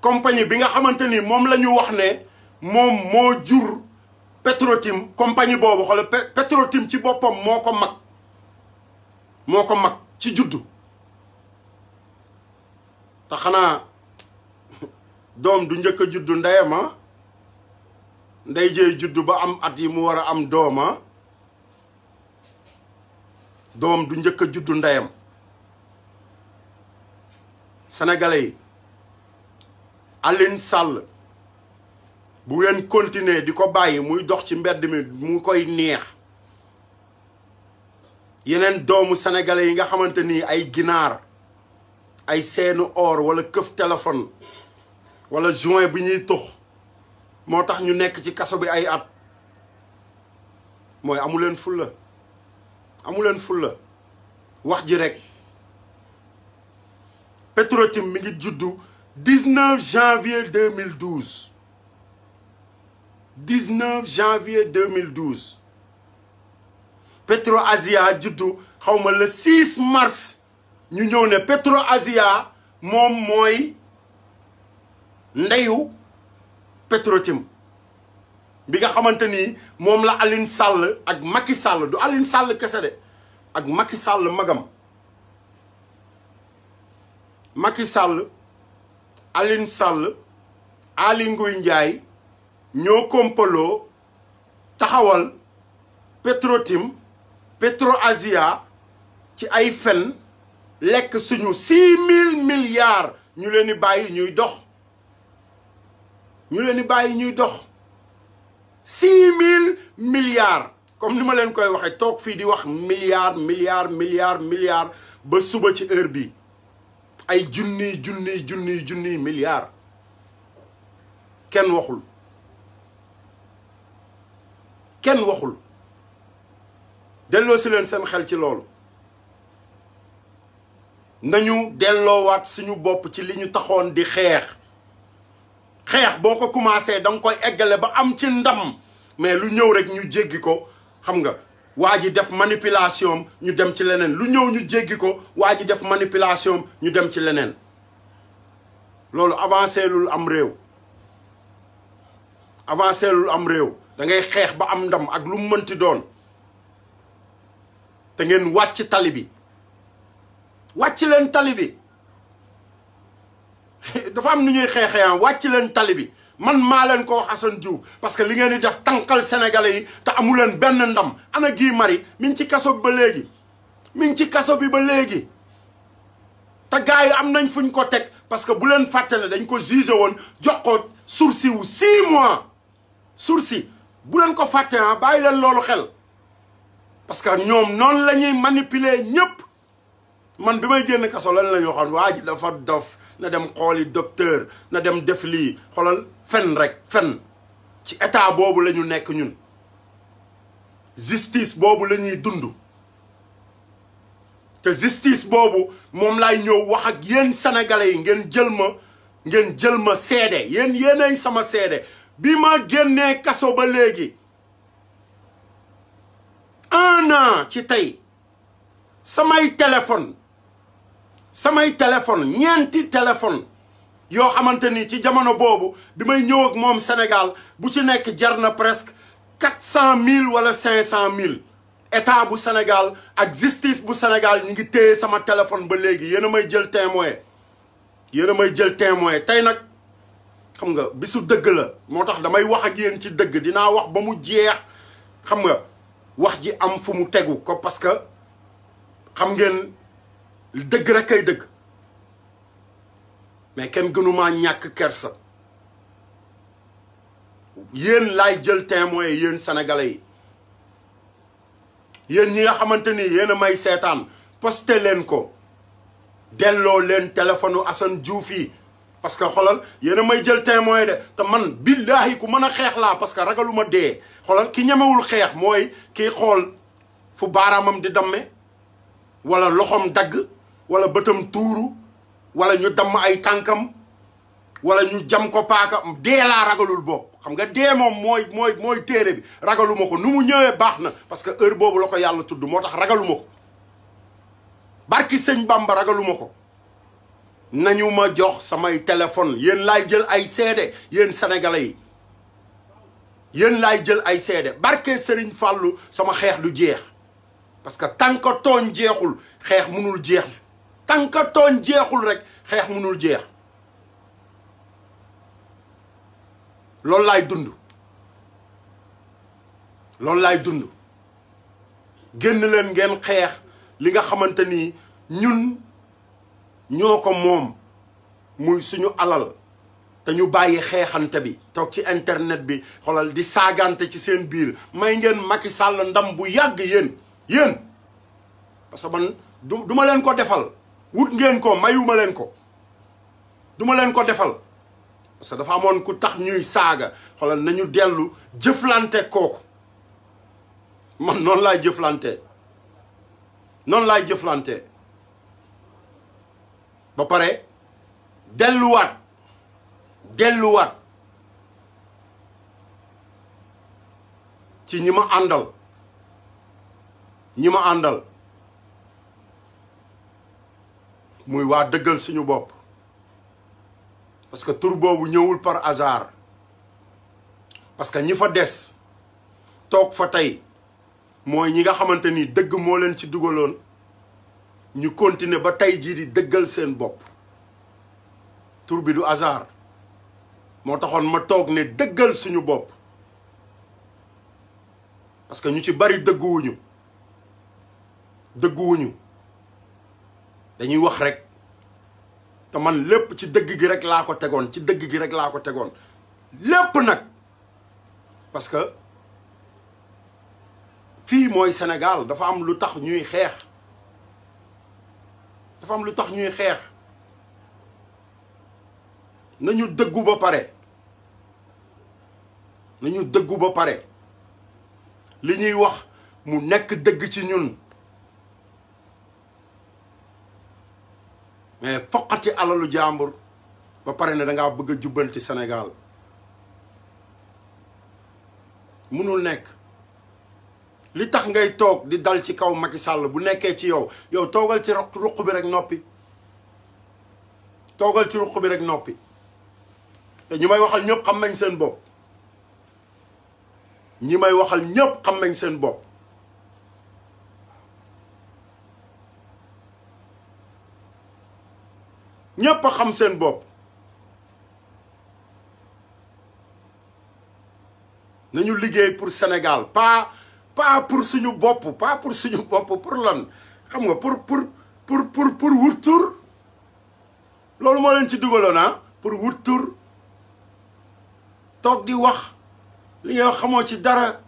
compagnie bi nga xamante ni moom la ñu wax ne moom moo jur Petrotim compagnie boobu xoolal Petrotim ci boppam moo ko mag moo ko mag ci juddu te xanaa doom du njëkk a juddu ndeyama ah? ndey jey juddu ba am at yi mu war a am dooma ah? doom du njëkk a juddu ndeyam sénégalais yi Aline Sall bu ngeen continuer di ko bàyyi muy dox ci mbedd mi mu koy neex yeneen doomu sénégalais yi nga xamante ni ay ginaar ay seenu or wala këf téléphone wala juin bi ñuy tux moo tax ñu nekk ci kaso bi ay at mooy amuleen leen fulla amu fulla wax ji rek Petro-Tim mi ngi juddu 19 janvier 2012 19 janvier 2012 Petro Asia juddu xawma le 6 mars ñu ñëw ne Petro Asia moom mooy ndeyu Petrotim bi nga xamante ni moom la Aline Sall ak Macky Sall du Aline Sall kese de ak Macky Sall magam Macky Sall Aline Sall Aly Ngouille Ndiaye ñoo kompaloo taxawal Petrotim Petro Asia ci ay fen lekk suñu six mille milliards ñu leen bàyyi ñuy dox ñu leen di bàyyi ñuy dox six mille milliards comme ni ma leen koy waxe toog fii di wax milliards milliards milliards milliards ba suba ci heure bi ay junniy junniy junniy junniy kenn waxul kenn waxul delloo si leen seen xel ci loolu nañu delloowaat suñu bopp ci li ñu taxoon di xeex xeex boo ko commencé da nga koy eggale ba am ci ndam mais lu ñëw rek ñu jéggi ko xam nga waa ji def manipulation ñu dem ci leneen lu ñëw ñu jéggi ko waa ji def manipulation ñu dem ci leneen loolu avancé lul am réew avancé lul am réew da ngay xeex ba am ndam ak lu mu mënti doon te ngeen wàcc tali bi wàcc leen tali bi <laughs> dafa am nu ñuy xeexee ah, wàcc leen tali bi man maa leen ko wax Assane Diouf parce que li ngeen di def tànqal sénégalais yi te amu leen benn ndam ana gi Mari mi ngi ci kaso bi ba léegi mi ngi ci kaso bi ba léegi te gars yi am nañ fuñ ko teg parce que bu leen fàtte ne dañ ko jugé woon jox ko sursis wu six mois sursis bu leen ko fàtte ah bàyyi leen loolu xel parce que ñoom noonu la ñuy manipuler ñëpp man bi may génn kaso lan la ñu waxoon waa ji dafa dof na dem xooli docteur na dem def lii xolal fen rek fen ci état boobu la ñu nekk ñun justice boobu la ñuy dund te justice boobu moom laay ñëw wax ak yéen sénégalais yi ngeen jël ma ngeen jël ma seede yéen yéenay sama seede bi ma génnee kaso ba léegi un an ci tey samay téléphone samay téléphone ñeenti téléphone yoo xamante ni ci jamono boobu bi may ñëw moom Sénégal bu ci nekk jar na presque quatre cent mille wala cinq cent mille état bu Sénégal ak justice bu Sénégal ñi ngi téye sama téléphone ba léegi yéen may jël témoin yéen a may jël témoin tey nag xam nga bisu dëgg la moo tax damay wax ak yéen ci dëgg dinaa wax ba mu jeex xam nga wax ji am fu mu tegu ko parce que xam ngeen dëgg rek ay dëgg mais kenn gënuma ñàkk kersa yéen laay jël témoin yéen sénégalais yi yéen ñi nga xamante ni yéen a may seetaan posté leen ko delloo leen téléphone Assane Diouf yi parce que xoolal yéen a may jël témoin de te man billaahi ku mën a xeex laa parce que ragaluma dee xoolal ki ñemewul xeex mooy kii xool fu baaraamam di damme wala loxom dagg wala bëtam tuuru wala ñu damm ay tànkam wala ñu jam ko paaka dee laa ragalul bopp xam nga dee moom mooy mooy mooy téere bi ragaluma ko nu mu ñëwee baax na parce que heure boobu la ko yàlla tudd moo tax ragaluma ko barki sëñ Bamba ragaluma ko nañu ma jox samay téléphone yéen laay jël ay seede yéen sénégalais yi yéen laay jël ay seede barke Serigne Fallou sama xeex lu jeex parce que tant jeexul xeex mënul jeex tant que jeexul rek xeex mënul jeex loolu laay dund loolu laay dund génn leen ngeen xeex li nga xamante ni ñun ñoo ko moom muy suñu alal te ñu bàyyi xeexante bi toog ci internet bi xoolal di saagante ci seen biir may ngeen Macky Sall ndam bu yàgg yéen yéen parce que man du du leen ko defal wut ngeen ko mayuma leen ko duma leen ko defal parce dafa amoon ku tax ñuy saaga xoolal nañu dellu jëflante kooku man noonu laay jëflante noonu laay jëflante ba pare delluwaat delluwaat ci ñi ma àndal ñi ma àndal muy waa dëggal suñu bopp parce que tur boobu ñëwul par hasard parce que ñi fa des toog fa tey mooy ñi nga xamante ni dëgg moo leen ci dugaloon ñu continuer ba tey jii di dëggal seen bopp tur bi du hasard moo taxoon ma toog ne dëggal suñu bopp parce que ñu ci bari dëgguwuñu dëgguwuñu dañuy wax rek te man lépp ci dëgg gi rek laa ko tegoon ci dëgg gi rek laa ko tegoon lépp nag parce que fii mooy senegal dafa am lu tax ñuy xeex dafa lu tax ñuy xeex nañu dëggu ba pare nañu dëggu ba pare li ñuy wax mu nekk dëgg ci ñun mais foqati alalu jàmbur ba pare ne danga bëgg a jubbanti Sénégal mënul nekk li tax ngay toog di dal ci kaw Macky Sall bu nekkee ci yow yow toogal ci ruq bi rek noppi toogal ci ruq bi rek noppi te ñi may waxal ñëpp xam nañ seen bopp ñi may waxal ñëpp xam nañ seen bopp ñëpp a xam seen bopp nañu liggéey pour Sénégal pas paa pour suñu bopp pas pour suñu bopp pour lan xam nga pour pour pour pour pour wut tur loolu moo leen ci dugaloon ah pour wut tur toog di wax li nga xamoo ci dara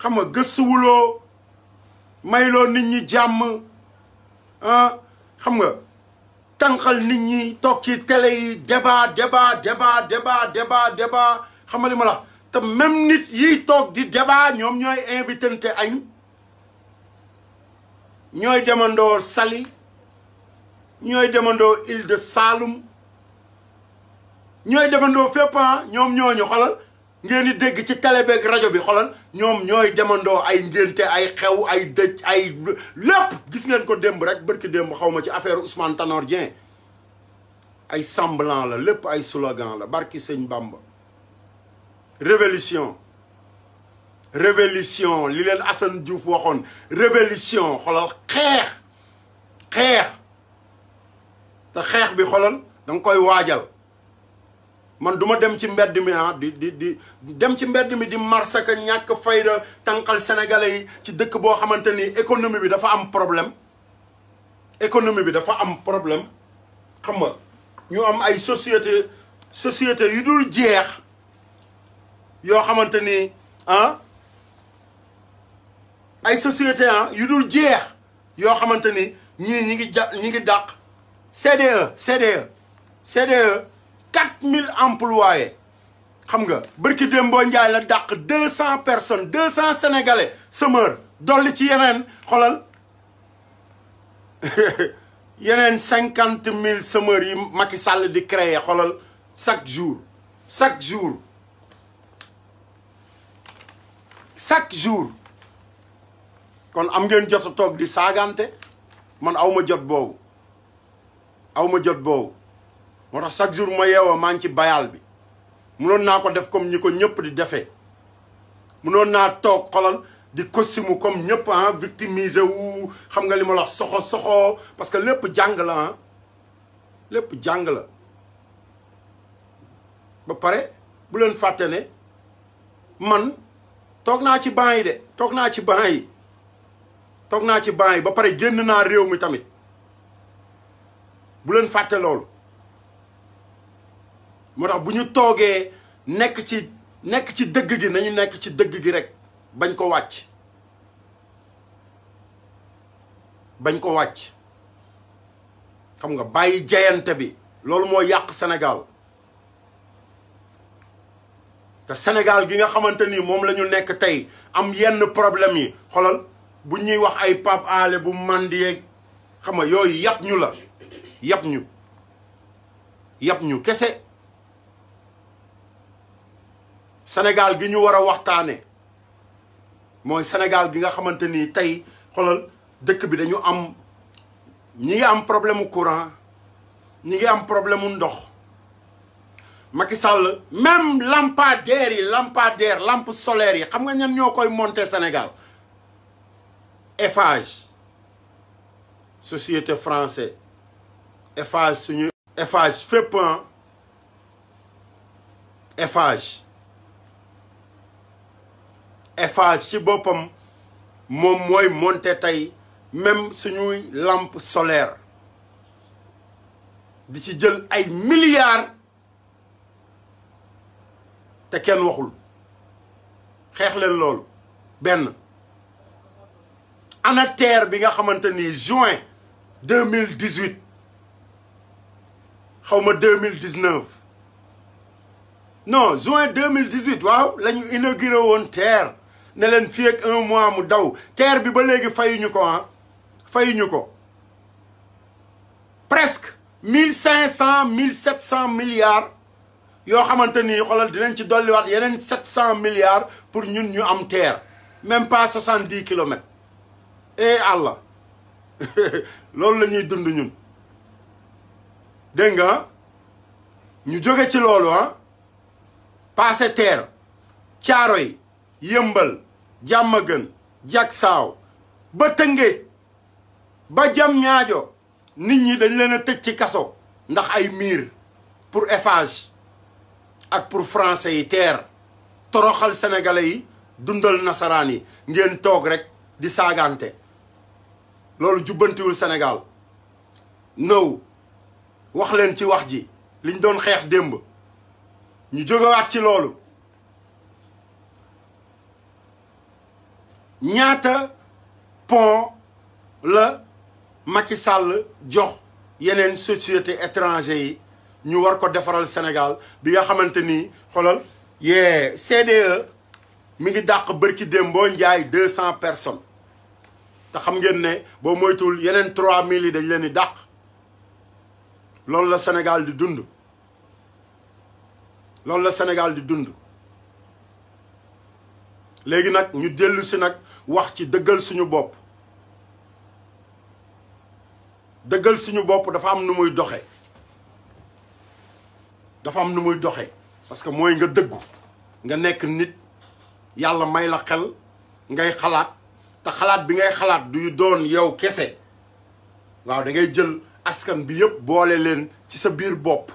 xam nga gëstuwuloo mayloo nit ñi jàmm ah xam nga tànqal nit ñi toog ci télé yi débat débat débat débat débat xam nga li ma te nit yiy toog di débat ñoom ñooy invitante añ ñooy demandoo sali ñooy demandoo île de Saloum ñooy demandoo fépp ah, ñoom ñooñu xolal ngeen dégg ci télé rajo bi xolal ñoom ñooy demandoo ay ngénte ay xew ay dëj ay lépp gis ngeen ko démb rek bërki démb xaw ma ci affaire Ousmane Tanor ay semblant la lépp ay slogan la barki sëñ Bamba révolution révolution li leen Assane Diouf waxoon révolution xolal xeex xeex te xeex bi xolal danga koy waajal man duma dem ci mbedd mi ah di di di dem ci mbedd mi di marsaka ñàkk fayda tànqal sénégalais yi ci dëkk boo xamante ni économie bi dafa am problème économie bi dafa am problème xam nga ñu am ay société société yu dul jeex yoo xamante ni ah ay société ah yu dul jeex yoo xamante ni ñii ñi ngi ja ñi ngi dàq CDE CDE CDE quatre mille employés xam nga bërki Dembo Njaay la dàq deux cent personnes deux cent sénégalais semeur dolli ci yeneen xolal <laughs> yeneen cinquante mille semeur yi Macky Sall di créer xolal chaque jour chaque jour chaque jour kon am ngeen jot toog di saagante man awma jot boobu awma jot boobu moo tax chaque jour ma yeewoo maa ngi ci bayaal bi munoon naa ko def comme ñi ko ñëpp di defee munoon naa toog xolal di costume comme ñëpp ah victimisé wu xam nga li ma la wax soxo soxo parce que lépp jàng la ah lépp jàng la ba pare bu leen fàtte ne man toog naa ci banc yi de toog naa ci banc yi toog naa ci banc yi ba pare génn naa réew mi tamit bu leen fàtte loolu moo tax bu ñu toogee nekk ci nekk ci dëgg gi nañu nekk ci dëgg gi rek bañ ko wàcc bañ ko wàcc xam nga bàyyi jayante bi loolu moo yàq Sénégal te Sénégal gi nga xamante ni moom la ñu nekk tey am yenn problème yi xolal bu ñuy wax ay Pape Alé bu mandie xam nga yooyu yàpp ñu la yàpp ñu yàpp ñu kese Sénégal gi ñu war a waxtaane mooy Sénégal gi nga xamante ni tey xolal dëkk bi dañu am ñi ngi am problème mu courant ñi ngi am problème mu ndox Macky Sall même lampadaire yi lampadaire lampe solaire yi xam nga ñan ñoo koy monter Sénégal Eiffage société française Eiffage suñu Eiffage fépp Eiffage Eiffage ci boppam moom mooy monter tey même suñuy lamp solaire di ci jël ay milliards te kenn waxul xeex leen loolu benn ana terre bi nga xamante ni juin deux mille dix huit xaw ma deux mille dix neuf non juin deux mille dix huit waaw la ñu inauguré woon terre ne leen fii un mois mu daw terre bi ba léegi fayuñu ko ah fayuñu ko presque mille cinq cent mille sept cent milliards. yoo xamante ni xoolal dinañ ci dolliwaat yeneen sept cent milliards pour ñun ñu am terre même pas soixante dix kilomètres eh Allah <laughs> loolu la ñuy dund ñun dégg nga ñu jóge ci loolu ah passé terre Caaroy Yëmbal Jàmmagën Jaksaaw ba Tëngéej ba jam ñaajo nit ñi dañ leen a tëj ci kaso ndax ay miir pour Eiffage ak pour français yi teer toroxal sénégalais yi dundal nasaraan yi ngeen toog rek di saagante loolu jubbantiwul Sénégal nëw waxleen ci wax ji liñ doon xeex démb ñu jógewaat ci loolu ñaata pont la Macky Sall jox yeneen société étranger yi ñu war ko defaral Sénégal bi nga xamante ni xoolal yee CDE mi ngi dàq bërki démb boo njaay deux cent personnes te xam ngeen ne boo moytuwul yeneen trois mille yi dañ leen di dàq loolu la Sénégal di dund loolu la Sénégal di dund léegi nag ñu dellu si nag wax ci dëggal suñu bopp dëggal suñu bopp dafa am nu muy doxe dafa am nu muy doxee parce que mooy nga dëggu nga nekk nit yàlla may la xel ngay xalaat te xalaat bi ngay xalaat duy doon yow kese waaw dangay jël askan bi yëpp boole leen ci sa biir bopp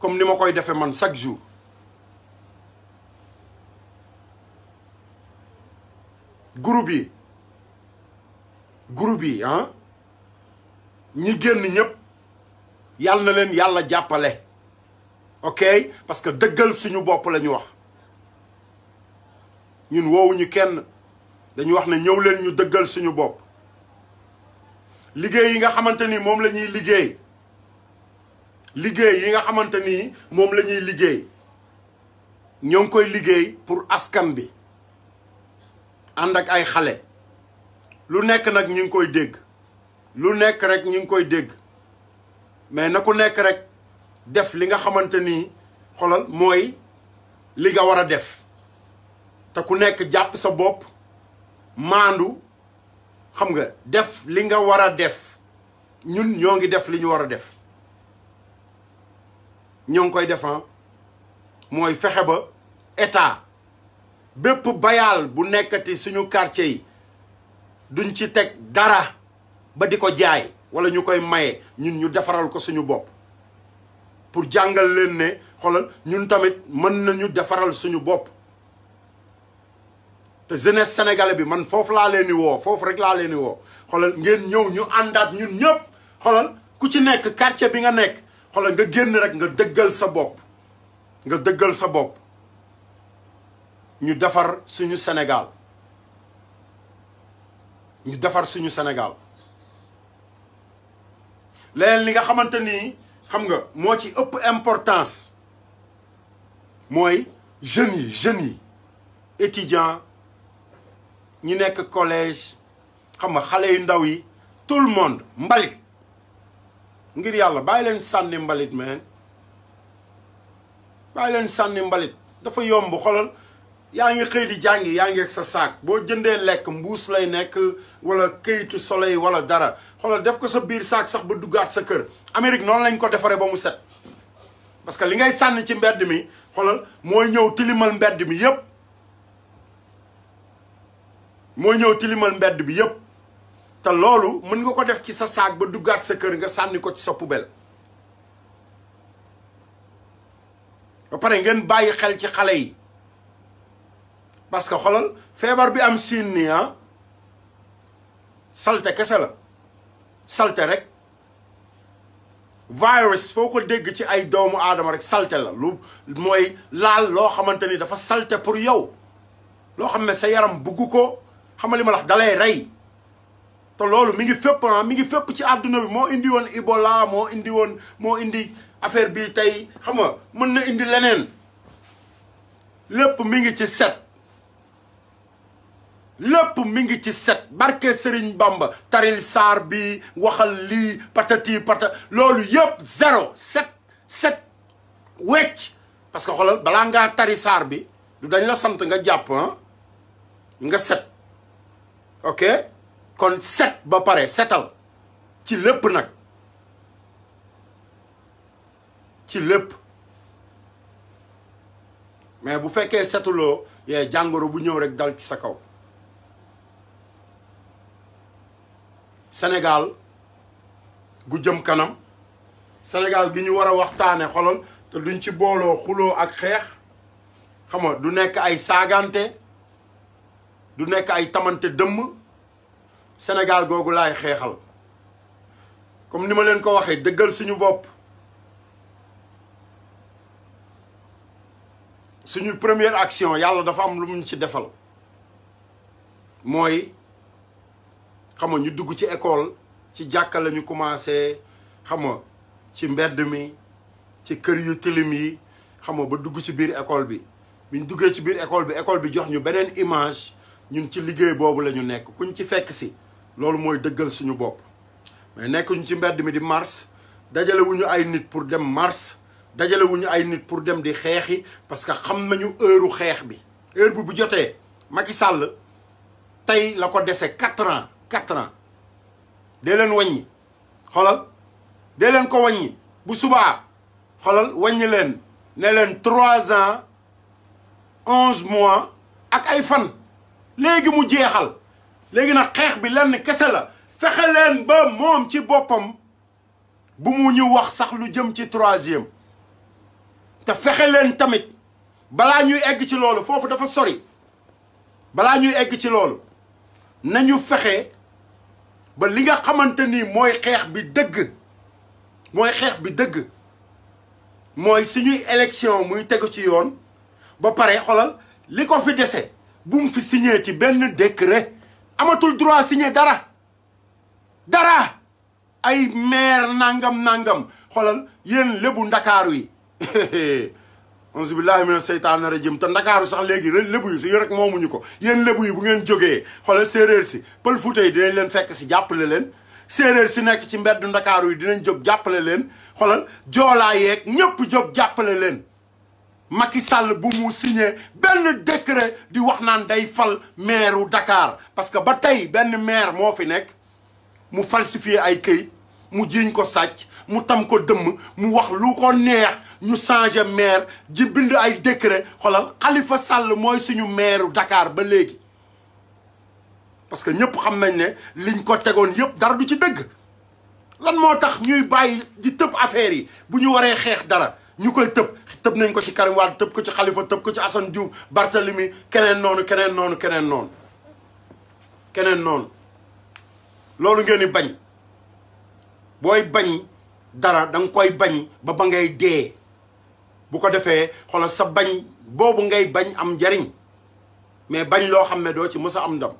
comme ni ma koy defee man chaque jour groupe yi group yi ah, ñi génn ñëpp yàlla na leen yàlla jàppale ok parce que dëggal suñu bopp la ñu wax ñun woowuñu kenn dañu wax ne ñëw leen ñu dëggal suñu bopp liggéey yi nga xamante ni moom la ñuy liggéey liggéey yi nga xamante ni moom la ñuy liggéey ñoo ngi koy liggéey pour askan bi ànd ak ay xale lu nekk nag ñu ngi koy dégg lu nekk rek ñu ngi koy dégg mais na ku nekk rek def li nga xamante ni xolal mooy li nga war a def te ku nekk jàpp sa bopp maandu xam nga def li nga war a def ñun ñoo ngi def li ñu war a def ñoo ngi koy defan ah. mooy fexe ba état bépp bayaal bu nekkati suñu quartier yi duñ ci teg dara ba di ko jaay wala ñu koy maye ñun ñu defaral ko suñu bopp pour jàngal leen ne xoolal ñun tamit mën nañu defaral suñu bopp te jeunesse sénégalais bi man foofu laa leen di woo foofu rek laa leen di woo xoolal ngeen ñëw ñu àndaat ñun ñëpp xoolal ku ci nekk quartier bi nga nekk xoolal nga génn rek nga dëggal sa bopp nga dëggal sa bopp ñu defar suñu Sénégal ñu defar suñu Sénégal leneen li nga xamante ni xam nga moo ci ëpp importance mooy jeunes yi jeunes yi étudiants ñi nekk collège xam nga xale yu ndaw yi tout le monde mbalit ngir yàlla bàyyi leen sànni mbalit man bàyyi leen sànni mbalit dafa yomb xolol yaa ngi xëy di jàngi yaa ngi sa saak boo jëndee lekk mbuus lay nekk wala këyitu soleil wala dara xoolal def ko sa biir saak sax ba duggaat sa kër Amérique noonu lañ ko defaree ba mu set parce que li ngay sànni ci mbedd mi xoolal mooy ñëw tilimal mbedd mi yépp mooy ñëw tilimal mbedd bi yépp te loolu mën nga ko def ci sa saak ba duggaat sa kër nga sànni ko ci sa poubelle ba pare ngeen bàyyi xel ci xale yi parce que xolal feebar bi am siin nii ah salte kese la salte rek virus foo ko dégg ci ay doomu aadama rek salte la lu mooy laal loo xamante ni dafa salte pour yow loo xam ne sa yaram bugg ko xama li ma lax dalay rey te loolu mi ngi fépp ah mi ngi fépp ci àdduna bi moo indi woon Ebola moo indi woon moo indi affaire bi tey xam nga mën na indi leneen lépp mi ngi ci set lépp mi ngi ci set barke Serigne Bamba taril saar bi waxal lii patati pata loolu yëpp zéro set set wecc parce que xoolal balaa nga tari saar bi du dañ la sant nga jàpp ah, nga set ok kon set ba pare setal ci lépp nag ci lépp mais bu fekkee setuloo yee jàngoro bu ñëw rek dal ci sa kaw Sénégal gu jëm kanam Sénégal gi ñu war a waxtaane xolal te duñ ci booloo xuloo ak xeex xam nga du nekk ay saagante du nekk ay tamante dëmm Sénégal googu laay xeexal comme ni ma leen ko waxee dëggal suñu bopp suñu première action yàlla dafa am lu mu ci defal mooy xam nga ñu dugg ci école ci jàkka la ñu commencé xam nga ci mbedd mi ci kër yu tilim yi xam nga ba dugg ci biir école bi biñ duggee ci biir école bi école bi jox ñu beneen image ñun ci liggéey boobu la ñu nekk kuñ ci fekk si loolu mooy dëggal suñu bopp mais nekkuñ ci mbedd mi di mars dajalewuñu ay nit pour dem mars dajalewuñu ay nit pour dem di xeexi parce que xam nañu heure xeex bi heure bi bu jotee Macky Sall tey la ko dese quatre ans quatre ans dee leen wàññi xolal dee leen ko wàññi bu subaa xolal wàññi leen ne leen trois ans onze mois ak ay fan léegi mu jeexal léegi nag xeex bi lenn kese la fexe leen ba moom ci boppam bu mu ñu wax sax lu jëm ci troisième te fexe leen tamit balaa ñuy egg ci loolu foofu dafa sori balaa ñuy egg ci loolu nañu fexe ba li nga xamante ni mooy xeex bi dëgg mooy xeex bi dëgg mooy suñuy élection muy tegu ci yoon ba pare xolal li ko fi dese bu mu fi signé ci benn décret amatul droit signé dara dara ay maire nangam nangam xolal yéen lebu ndakaaru yi <laughs> onze billahi mina seytaane rajim te ndakaaru sax léegi lébu yi si rek ñu ko yéen lebu yu bu ngeen jógee xoolal séeréer si pël fuuta yi dinañ leen fekk si jàppale leen séeréer si nekk ci mbeddu ndakaaru yi dinañ jóg jàppale leen xoolal joolaa yeeg ñëpp jóg jàppale leen Macky Sall bu mu signé benn décret di wax naan day fal maire u Dakar parce que ba tey benn maire moo fi nekk mu falsifié ay këyit mu jiiñ ko sàcc mu tam ko dëmm mu wax lu ko neex ñu changé maire ji bind ay décret xoolal Khalifa Sall mooy suñu maireu Dakar ba léegi parce que ñëpp xam nañ ne liñ ko tegoon yëpp dara du ci dëgg lan moo tax ñuy bàyyi di tëb affaire yi bu ñu waree xeex dara ñu koy tëb tëb nañ ko ci Karim Wade tëb ko ci Khalifa tëb ko ci Assane Diouf Barthélemy keneen noonu keneen noonu keneen noonu keneen noonu loolu ngeen di bañ booy bañ dara da nga koy bañ ba ba ngay dee bu ko defee xoolal sa bañ boobu ngay bañ am njariñ mais bañ loo xam ne doo ci mës a am ndam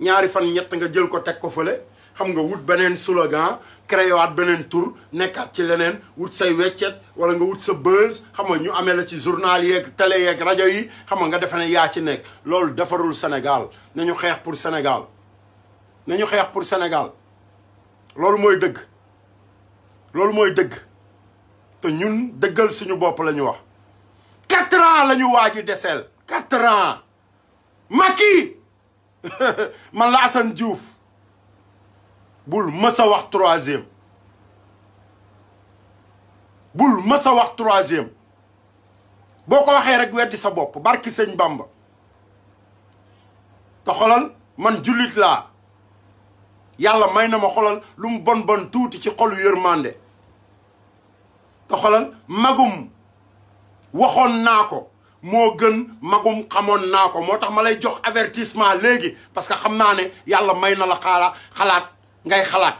ñaari fan ñett nga jël ko teg ko fële xam nga wut beneen slogan créé waat beneen tur nekkaat ci leneen wut say weccet wala nga wut sa buzz xam nga ñu amee la ci journal yeeg télé rajo yi xam nga nga defe ne yaa ci nekk loolu defarul Sénégal nañu xeex pour Sénégal nañu xeex pour Sénégal loolu mooy dëgg loolu mooy dëgg te ñun dëggal suñu bopp la wax quatre ans la ñu waaj a deseel quatre ans Macky <laughs> man la Assane Diouf bul mës a wax troisième bul mës a wax troisième boo ko waxee rek weddi sa bopp barki sëñ bamb te man julit la yàlla may na ma xolal lu mu bon bon tuuti ci xolu yërmande te xolal magum waxoon naa ko moo gën magum xamoon naa ko moo tax ma lay jox avertissement léegi parce que xam naa ne yàlla may na la xaala xalaat ngay xalaat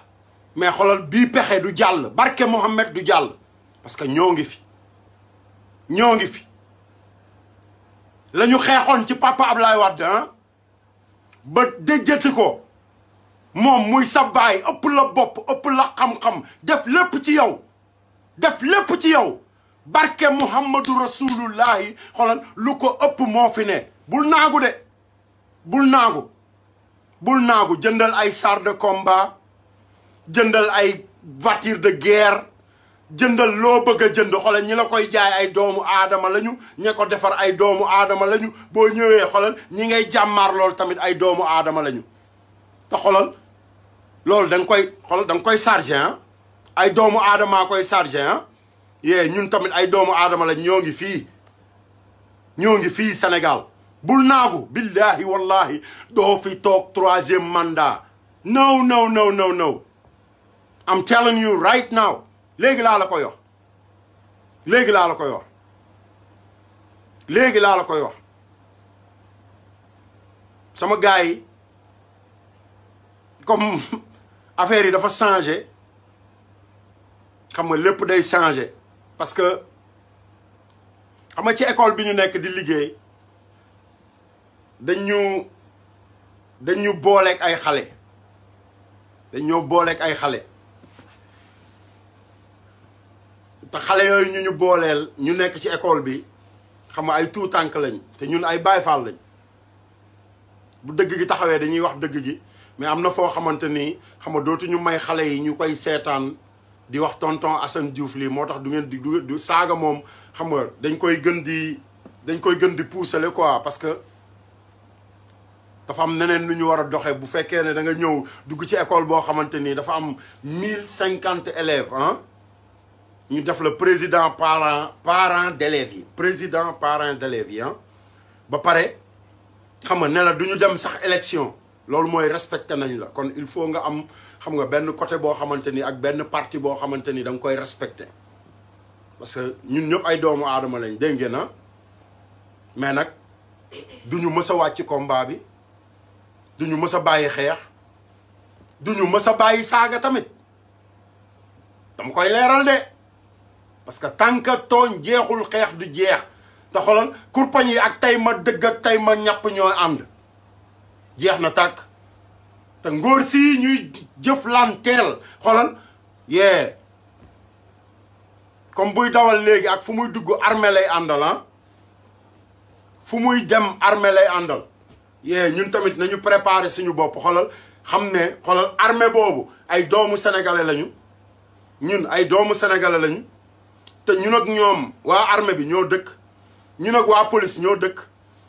mais xolal bii pexe du jàll barke Mohammed du jàll parce que ñoo ngi fi ñoo ngi fi la ñu xeexoon ci papa waat de ba déjjati ko moom muy sabaay ëpp la bopp ëpp la xam-xam def lépp ci yow def lépp ci yow barke muhammadu rasulullahi xoolal lu ko ëpp moo fi ne bul naagu de bul naagu bul naagu jëndal ay char de combat jëndal ay voiture de guerre jëndal loo bëgg a jënd xoolal ñi la koy jaay ay doomu aadama lañu ña ko defar ay doomu aadama lañu boo ñëwee xoolal ñi ngay jàmmaar lool tamit ay doomu aadama lañu te xoolal loolu da koy xool da koy chargé ah. ay doomu aadamaa koy chargé ah. yee ñun tamit ay doomu aadama la ñoo ngi fii ñoo ngi fii Sénégal bul naagu billahi wallahi doo fi toog troisième mandat no no no no no I'm telling yu right now léegi laa la ko yox léegi laa la ko yox léegi laa la koy wax sama gars yi comme affaire yi dafa changé xam nga lépp day changé parce que xam nga ci école bi ñu nekk di liggéey dañ ñu dañ ñu ay xale dañ booleek ay xale te xale yooyu ñu ñu booleel ñu nekk ci école bi xam nga ay tuutànk lañ te ñun ay baay faal lañ bu dëgg gi taxawee dañuy wax dëgg gi mais am na foo xamante ni xam nga dootuñu may xale yi ñu koy seetaan di wax tonton Assane Diouf lii moo tax du ngeen di du saaga moom xam nga dañ koy gën di dañ koy gën di puusale quoi parce que dafa am neneen nu ñu war a doxee bu fekkee ne da nga ñëw dugg ci école boo xamante ni dafa am mille cinquante élèves ah ñu def la président parent parent d'élèves yi président parent d'élèves yi ah ba pare xam nga ne la du ñu dem sax élection loolu mooy respecté nañ la kon il faut nga am xam nga benn côté boo xamante ni ak benn partie boo xamante ni da nga koy respecté parce que ñun ñëpp ay doomu aadama lañ dégg na ah? mais nag duñu mës a wàcc combat bi duñu mës a bàyyi xeex duñu mës a bàyyi saaga tamit dama koy leeral de parce que tant que tooñ jeexul xeex du jeex te xoolal kurpañ yi ak tey ma dëgg tey ma ñàpp ñoo ànd jeex na tàkk te ngóor sii ñuy jëflanteel xoolal yee comme buy dawal léegi ak fu muy dugg armée lay àndal ah fu muy dem armée lay àndal yee ñun tamit nañu préparer suñu bopp xoolal xam ne xoolal armée boobu ay doomu sénégalais lañu ñun ay doomu sénégalais lañu te ñun ak ñoom waa armée bi ñoo dëkk ñun ak waa police ñoo dëkk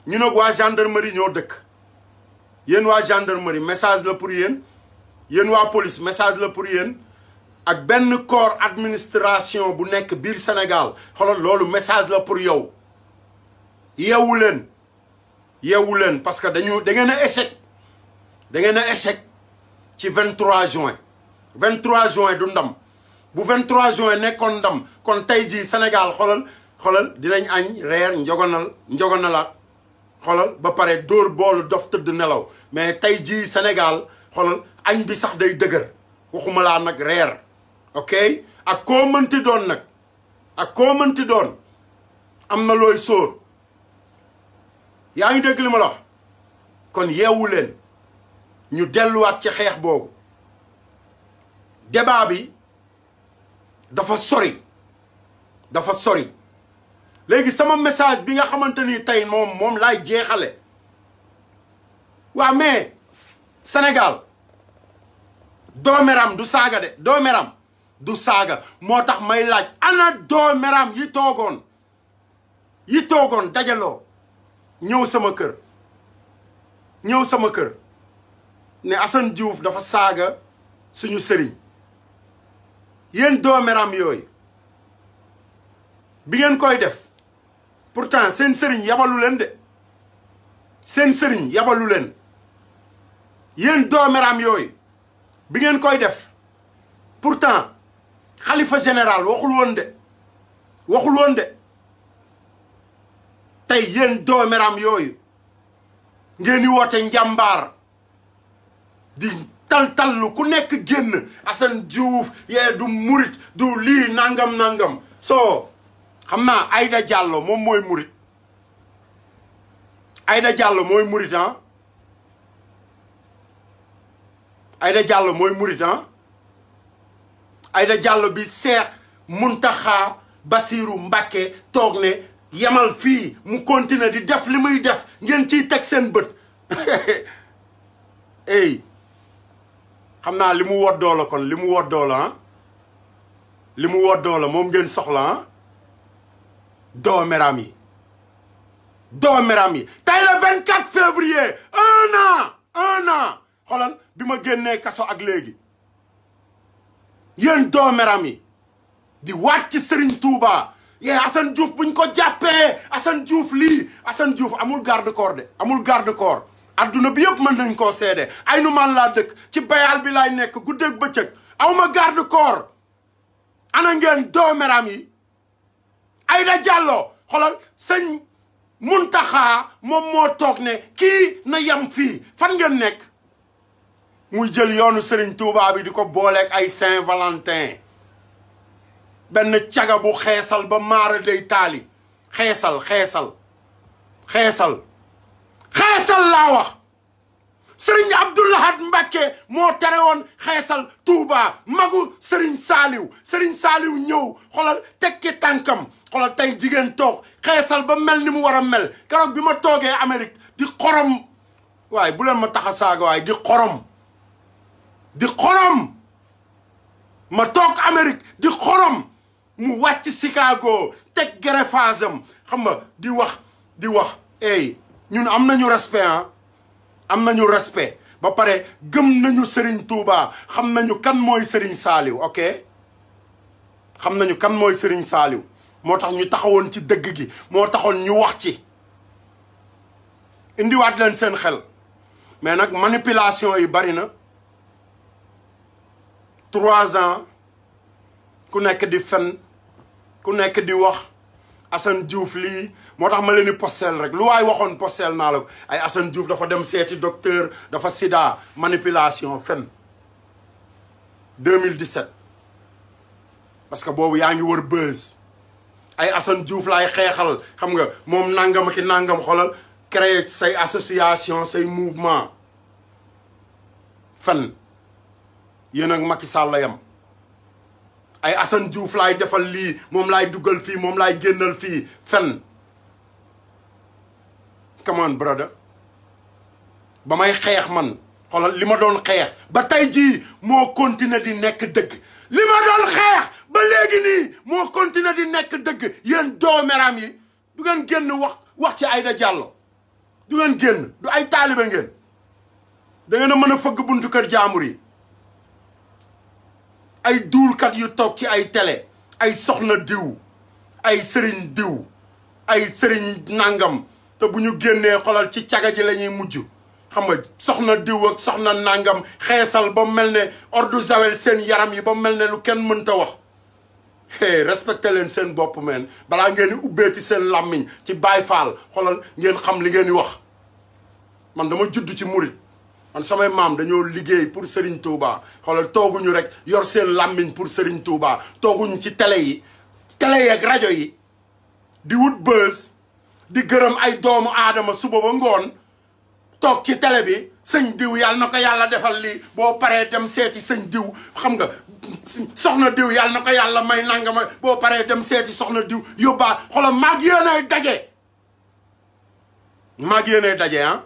ñun ak waa gendarmerie ñoo dëkk yéen waa gendarmerie message la pour yéen yéen waa police message la pour yéen ak benn corps administration bu nekk biir Sénégal xolol loolu message la pour yow yeewu leen yeewu leen parce que dañu da ngeen a échec da ngeen a échec ci 23 juin 23 juin du ndam bu 23 juin nekkoon ndam kon tey jii Sénégal xoolal xoolal dinañ añ reer njogonal njogonalaat xoolal ba pare dóor boolu dof tëdd nelaw mais tey jii Sénégal xoolal añ bi sax day dëgër waxuma laa nag reer ok ak koo mënti doon nag ak koo mënti doon am na looy sóor yaa ngi dégg li ma la kon yeewu leen ñu delluwaat ci xeex boobu débat bi dafa sori dafa sori léegi sama message bi nga xamante ni tey moom moom laay jeexale waa mais Sénégal doomeram du saaga de doomeram du saaga moo tax may laaj ana doomeram yi toogoon yi toogoon dajaloo ñëw sama kër ñëw sama kër ne Assane Diouf dafa saaga suñu sëriñ yéen doomeram yooyu bi ngeen koy def pourtant seen sëriñ yabalu leen seen sëriñ yabalu leen yéen doomeraam yooyu bi ngeen koy def pourtant xalifa général waxul woon de waxul woon de tey yéen doomeram yooyu ngeen di woote njàmbaar di tal-tallu ku nekk génn Assane Diouf yee du murit du lii nangam-nangam soo xam naa Aïda Diallo moom mooy murit ayda Diallo mooy murit ah Aïda Diallo mooy murit ah Aïda Diallo bi Seex Muntaxa Basiiru Mbàkke toog ne yamal fii mu continuer di def li muy def ngeen ciy teg seen bët <laughs> ey xam naa li mu woddoo la kon li mu woddoo la ah li mu woddoo la moom ngeen soxla ah doomeraam yi doomeraam yi tey le 24 février un an bi ma génnee kaso ak léegi yéen doomeram yi di waat ci Serigne Touba yee Assane Diouf buñ ko jàppee Assane Diouf lii Assane Diouf amul garde corps de amul garde corps adduna bi yëpp mën nañ koo seede ay nu man dëkk ci bayal bi laay nekk guddeeg bëccëg awma garde corps ana ngeen doomeram yi ay Aïda Diallo xoolal sëñ Muntaxa moom moo toog ne kii na yem fii fan ngeen nekk muy jël yoonu Serigne Touba bi di ko booleek ay Saint-Valentin benn caga bu xeesal ba maara day taali xeesal xeesal xeesal xeesal laa wax sëriñ Abdoulahat mbake moo tere woon xeesal Touba magu sëriñ Saaliw sëriñ Saaliw ñëw xoolal tekki tànkam xoolal tey jigéen toog xeesal ba mel ni mu war a mel keroog bi ma toogee Amérique di xorom waaye bu leen ma tax a saaga waaye di xorom ma toog Amérique di xorom mu wàcc Chicago teg greffage am xam nga di wax di wax ey ñun am nañu respee ah. am nañu respect ba pare gëm nañu Serigne Touba xam nañu kan mooy Serigne Saliou ok xam nañu kan mooy Serigne saaliw moo tax ñu taxawoon ci dëgg gi moo taxoon ñu wax ci indiwaat leen seen xel mais nag manipulation yi bari na trois ans ku nekk di fen ku nekk di wax Assane Diouf lii moo tax ma leen di postel rek lu waay waxoon postel naa la ay Assane Diouf dafa dem seeti docteur dafa sida manipulation fen 2017 parce que boobu yaa ngi wër buzz ay Assane Diouf laay xeexal xam nga moom nangam ki nangam xolal créer say association say mouvement fen yéen ak maki Sall yam ay Assane Diouf laay defal lii moom laay duggal fii moom laay génnal fii fen come on brother ba may xeex man xoolal li ma doon xeex ba tey jii moo continuer di nekk dëgg li doon xeex ba léegi nii moo continuer di nekk dëgg yéen dooméram yi du ngeen génn wax wax ci ay Aida Diallo du ngeen génn du ay taalibe ngeen da ngeen a mën a fëgg buntu kër jaambur yi ay duulkat yu toog ci ay tele ay soxna diw ay sëriñ diw ay sëriñ nangam te bu ñu génnee xolal ci caga ji lañuy mujj xam nga soxna diw ak soxna nangam xeesal ba mel ne ordu zawel seen yaram yi ba mel ne lu kenn mënta wax hey respecté leen seen bopp meen balaa ngeen di ubbeeti seen làmmiñ ci baay faal xolal ngeen xam li ngeen di wax man dama judd ci murit man samay maam dañoo liggéey pour sëriñ Touba xoolal tooguñu rek yor seen làmmiñ pour sëriñ Touba tooguñu ci tele yi télé yi rajo yi di wut bës di gërëm ay doomu aadama suba ba ngoon toog ci télé bi sëñ diw yàlla na ko yàlla defal lii boo paree dem seeti sëñ diw xam nga soxna diw yàlla na ko yàlla may nangama boo paree dem seeti soxna diw yóbbaa xoolal mag yéen ay daje maag yéen ay daje ah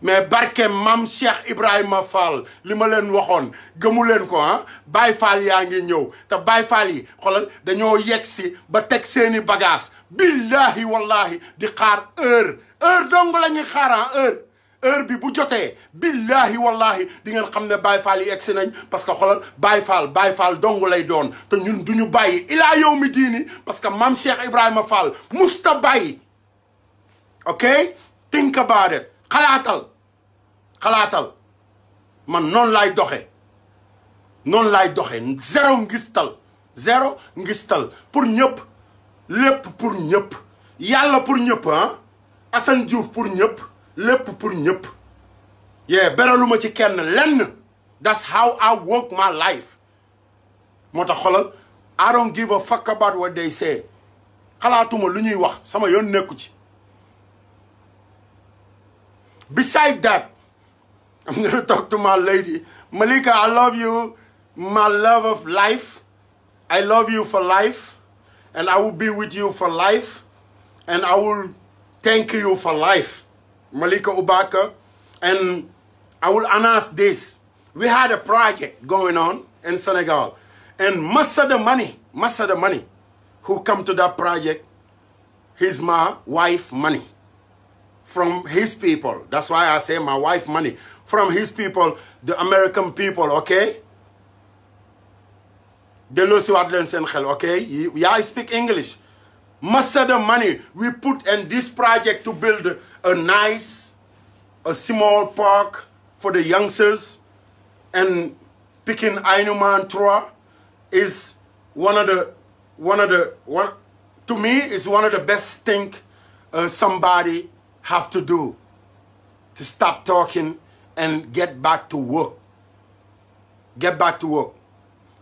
mais barke mam Cheikh Ibrahima Fall li ma leen waxoon gëmu leen ko ah Baye Fall yaa ngi ñëw te Baye Fall yi xoolal dañoo yegg si ba teg seeni bagage billahi wallahi di xaar heure heure dong la ñuy xaaraan ah, heure heure bi bu jotee billahi wallahi di ngeen xam ne Baye Fall yi egsi nañ parce que xoolal Baye Fall Baye Fall dong lay doon te ñun du ñu bàyyi ilaa yow mi diini parce que mam Cheikh Ibrahima Fall musta bàyyi ok think about it xalaatal xalaatal man noonu laay doxee noonu laay doxee zéro ngistal zéro ngistal pour ñëpp lépp pour ñëpp yàlla pour ñëpp ah Assane Diouf pour ñëpp lépp pour ñëpp yee beraluma ci kenn lenn that's how I work my life moo tax xolal I don't give a fuck about what they say xalaatuma lu ñuy wax sama yoon nekku ci Beside that, I'm going <laughs> to talk to my lady. Malika, I love you, my love of life. I love you for life. And I be with you for life. And I thank you for life, Malika Ubaka. And I will this. We had a project going on in Senegal. And most the money, most the money who come to that project, is my wife money. from his people. That's why I say my wife money. From his people, the American people, okay? delloo si waat leen seen xel ok yaay speak English masada money we put in this project to build a nice a small park for the youngsters and picking Aynoman 3 is one of the best thing uh, somebody have to do to stop talking and get back to work. Get back to work.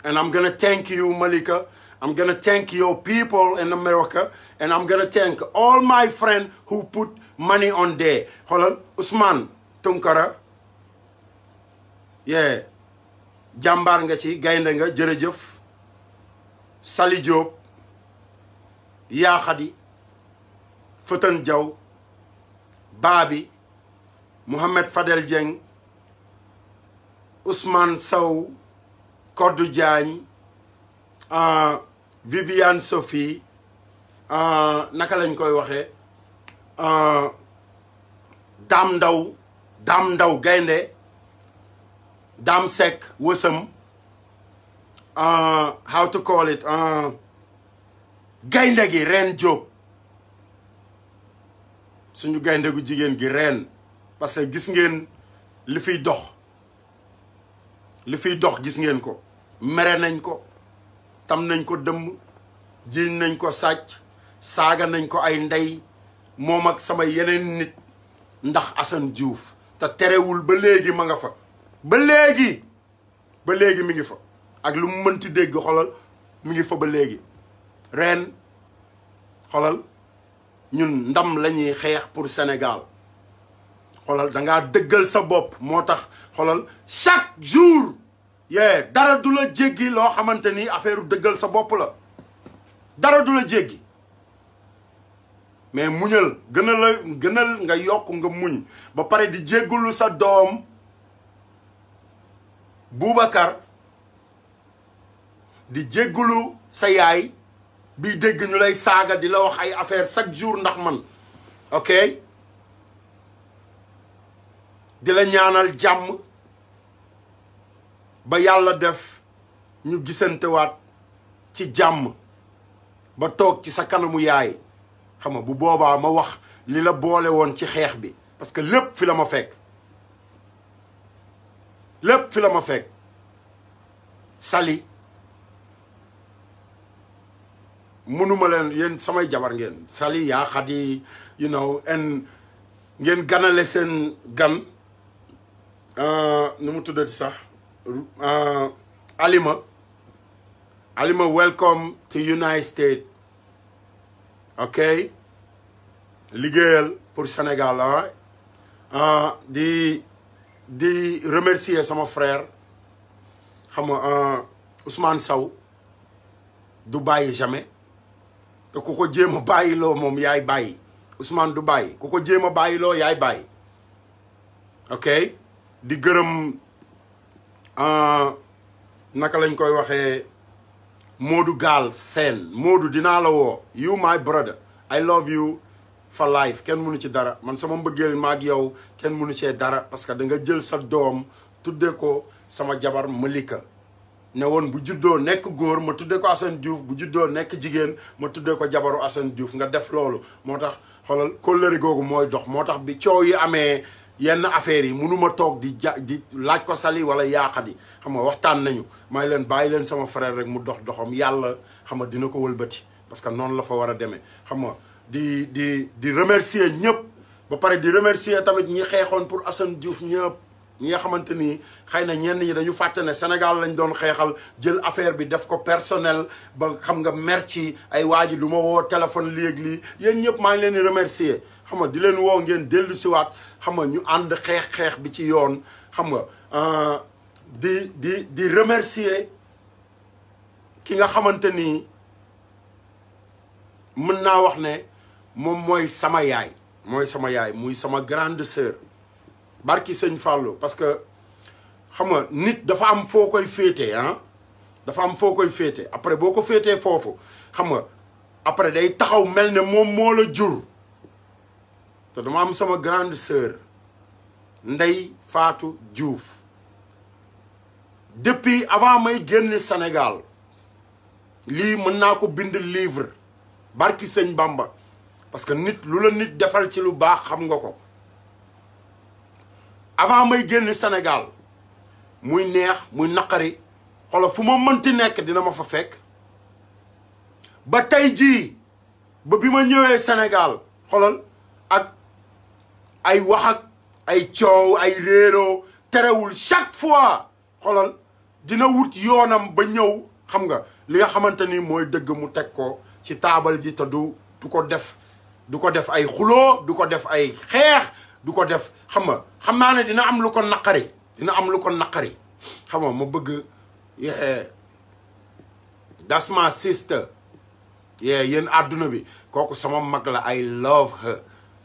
And I'm going to thank you, Malika. I'm going to thank your people in America. And I'm going to thank all my friends who put money on there. Hold Usman Tunkara. Yeah. nga ci gaynde nga jërëjëf Sali Diop Yaaxadi Fëtan Jaw Baabi Mouhamed Fadel Dieng Ousmane Sow Codou Diagne ah, Viviane Sophie ah, naka lañ koy waxee ah, Dame Ndaw dam Ndaw Gaynde Dame Seck Wësëm how to call it gaynde gi Ren Diop suñu gaynde gu jigéen gi reen parce que gis ngeen li fiy dox li fiy dox gis ngeen ko mere nañ ko tam nañ ko dëmm jiiñ nañ ko sàcc saaga nañ ko ay ndey moom ak sama yeneen nit ndax Assane Diouf te terewul ba léegi ma nga fa ba léegi ba léegi mi ngi fa ak lu mu mënti dégg xolal mi ngi fa ba léegi reen xolal ñun ndam lañuy xeex pour Sénégal xoolal da ngaa dëggal sa bopp moo tax xolal chaque jour yee dara du la jéggi loo xamante ni affaire dëggal sa bopp la dara du la jéggi mais muñal gën a gënal nga yokk nga muñ ba pare di jéggulu sa doom Boubacar di jéggulu sa yaay bi dégg ñu lay saaga di la wax ay affaire chaque jour ndax man ok di la ñaanal jàmm ba yàlla def ñu gisantewaat ci jàmm ba toog ci sa kanamu yaay xam nga bu boobaa ma wax li la boole woon ci xeex bi parce que lépp fi la ma fekk lépp fi la ma fekk Sali mënuma leen yéen samay jabar ngeen sali yaa xat you know and ngeen ganale seen gan euh, nu mu tuddati sax euh, Alima Alima welcome to United States ok liggéeyal pour Sénégal ah euh, di di remercier sama frère xam nga Ousmane saw du bàyyi jamais te ku ko jéem a bàyyiloo moom yaay bàyyi Ousmane du bàyyi ku ko jéem a bàyyiloo yaay bàyyi ok di gërëm euh, naka lañ koy waxee moodu Gaal Seen moodu dinaa la woo you my brother I love you for life kenn mënu ci dara man sama mbëggeel maak yow kenn mënu cee dara parce que da nga jël sa doom tuddee ko sama jabar Malika ne woon bu juddoo nekk góor ma tuddee ko Assane Diouf bu juddoo nekk jigéen ma tuddee ko jabaru Assane Diouf nga def loolu moo tax xoolal kóllëre googu mooy dox moo tax bi coow yi amee yenn affaires yi munuma toog di ja di laaj ko sali wala yaaxadi xam nga waxtaan nañu may leen bàyyi leen sama frère rek mu dox doxam yàlla xam nga dina ko wëlbati parce que noonu la fa war a demee xam nga di di di remercier ñëpp ba pare di remercier tamit ñi xeexoon pour Assane Diouf ñëpp ñi nga xamante ni xëy na ñenn ñi dañu fàtte ne Sénégal lañ doon xeexal jël affaire bi def ko personnel ba xam nga merci ay waa lu ma woo téléphone léegi li yéen ñëpp maa ngi leen di remercier xam nga di leen woo ngeen dellu siwaat xam nga ñu ànd xeex-xeex bi ci yoon xam nga euh, di di di remercier ki nga xamante ni mën naa wax ne moom mooy sama yaay mooy sama yaay muy sama grande sœur barki sëñ Fallou parce que xam nga nit dafa am foo koy féete ah dafa am foo koy féete après boo ko féetee foofu xam nga après day taxaw mel ne moom moo la jur te dama am sama grande sœur Ndey faatu Diouf depuis avant may génne Sénégal lii mën naa ko bind livre barki sëñ Bamba parce que nit lu la nit defal ci lu baax xam nga ko avant may génn Sénégal muy neex muy naqari xoolal fu ma mënti nekk dina ma fa fekk ba tey jii ba bi ma ñëwee Sénégal xoolal ak ay wax ay coow ay réeroo terewul chaque fois xoolal dina wut yoonam ba ñëw xam nga li nga xamante ni mooy dëgg mu teg ko ci taabal ji te du du ko def du ko def ay xuloo du ko def ay xeex du ko def xam nga xam naa ne dina am lu ko naqari dina am lu ko naqari xam nga ma bëgg that's my sister yeah yéen àdduna bi kooku sama mag la I love her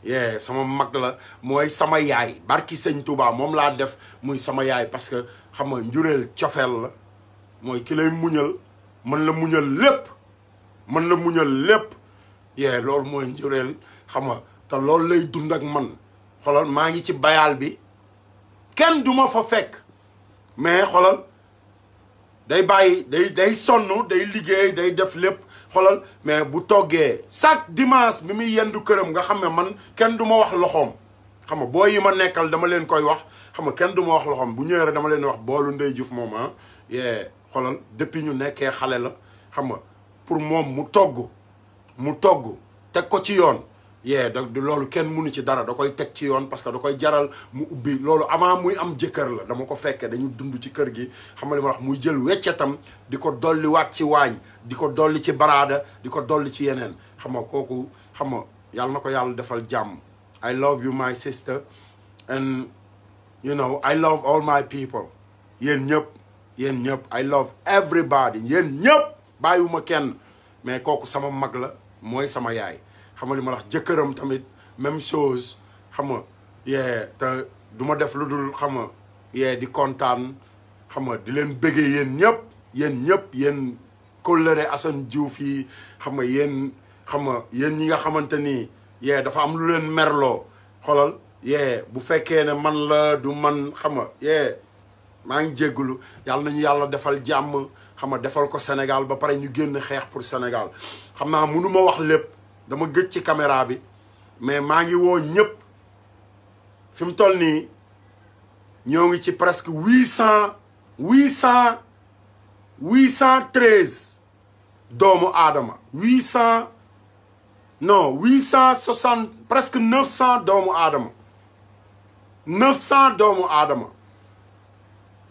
yeah sama mag la mooy sama yaay barki sëñ Touba moom laa def muy sama yaay parce que xam nga njureel cofeel la mooy ki lay muñal mën la muñal lépp mën la muñal lépp yeah loolu mooy njureel xam nga te loolu lay xolal maa ngi ci bayaal bi kenn duma fa fekk mais xolal day bàyyi day day sonn day liggéey day def lépp xolal mais bu toggee chaque dimanche bi muy yendu këram nga xam ne man kenn du ma wax loxoom xam nga boo yi ma nekkal dama leen koy wax xam nga kenn du ma wax loxoom bu ñëwee rek dama leen wax boolu Ndey Juuf moom ah yee xolal ñu nekkee xale la xam nga pour moom mu togg mu togg teg ko ci yoon yee da loolu kenn mënu ci dara da koy teg ci yoon parce que da koy jaral mu ubbi loolu avant muy am jëkkër la dama ko fekkee dañu dund ci kër gi xam li ma wax muy jël weccatam di ko dolliwaat ci waañ di ko dolli ci baraada di ko dolli ci yeneen xama kooku xam nga yàlla na ko yàlla defal jàmm I love you my sister and you know I love all my people yéen ñëpp yéen ñëpp I love everybody yéen ñëpp bàyyiwuma kenn mais kooku sama mag la mooy sama yaay xam nga li ma la wax jëkkëram tamit même chose xam nga yee te du def lu dul xam nga yee di kontaan xam nga di leen bëggee yéen ñëpp yéen ñëpp yéen kóllëre Assane Diouf yi xam nga yéen xam nga yéen ñi nga xamante ni yee dafa am lu leen merloo xoolal yee bu fekkee ne man la du man xam nga yee maa ngi jéggulu yàlla nañu yàlla defal jàmm xama defal ko Sénégal ba pare ñu génn xeex pour Sénégal xam naa mënu wax lépp dama gëj ci caméra bi mais maa ngi woo ñëpp fi mu toll nii ñoo ngi ci presque huit cent huit cent huit cent treize doomu aadama huit cent non huit cent soixante presque neuf cent doomu aadama neuf cent doomu aadama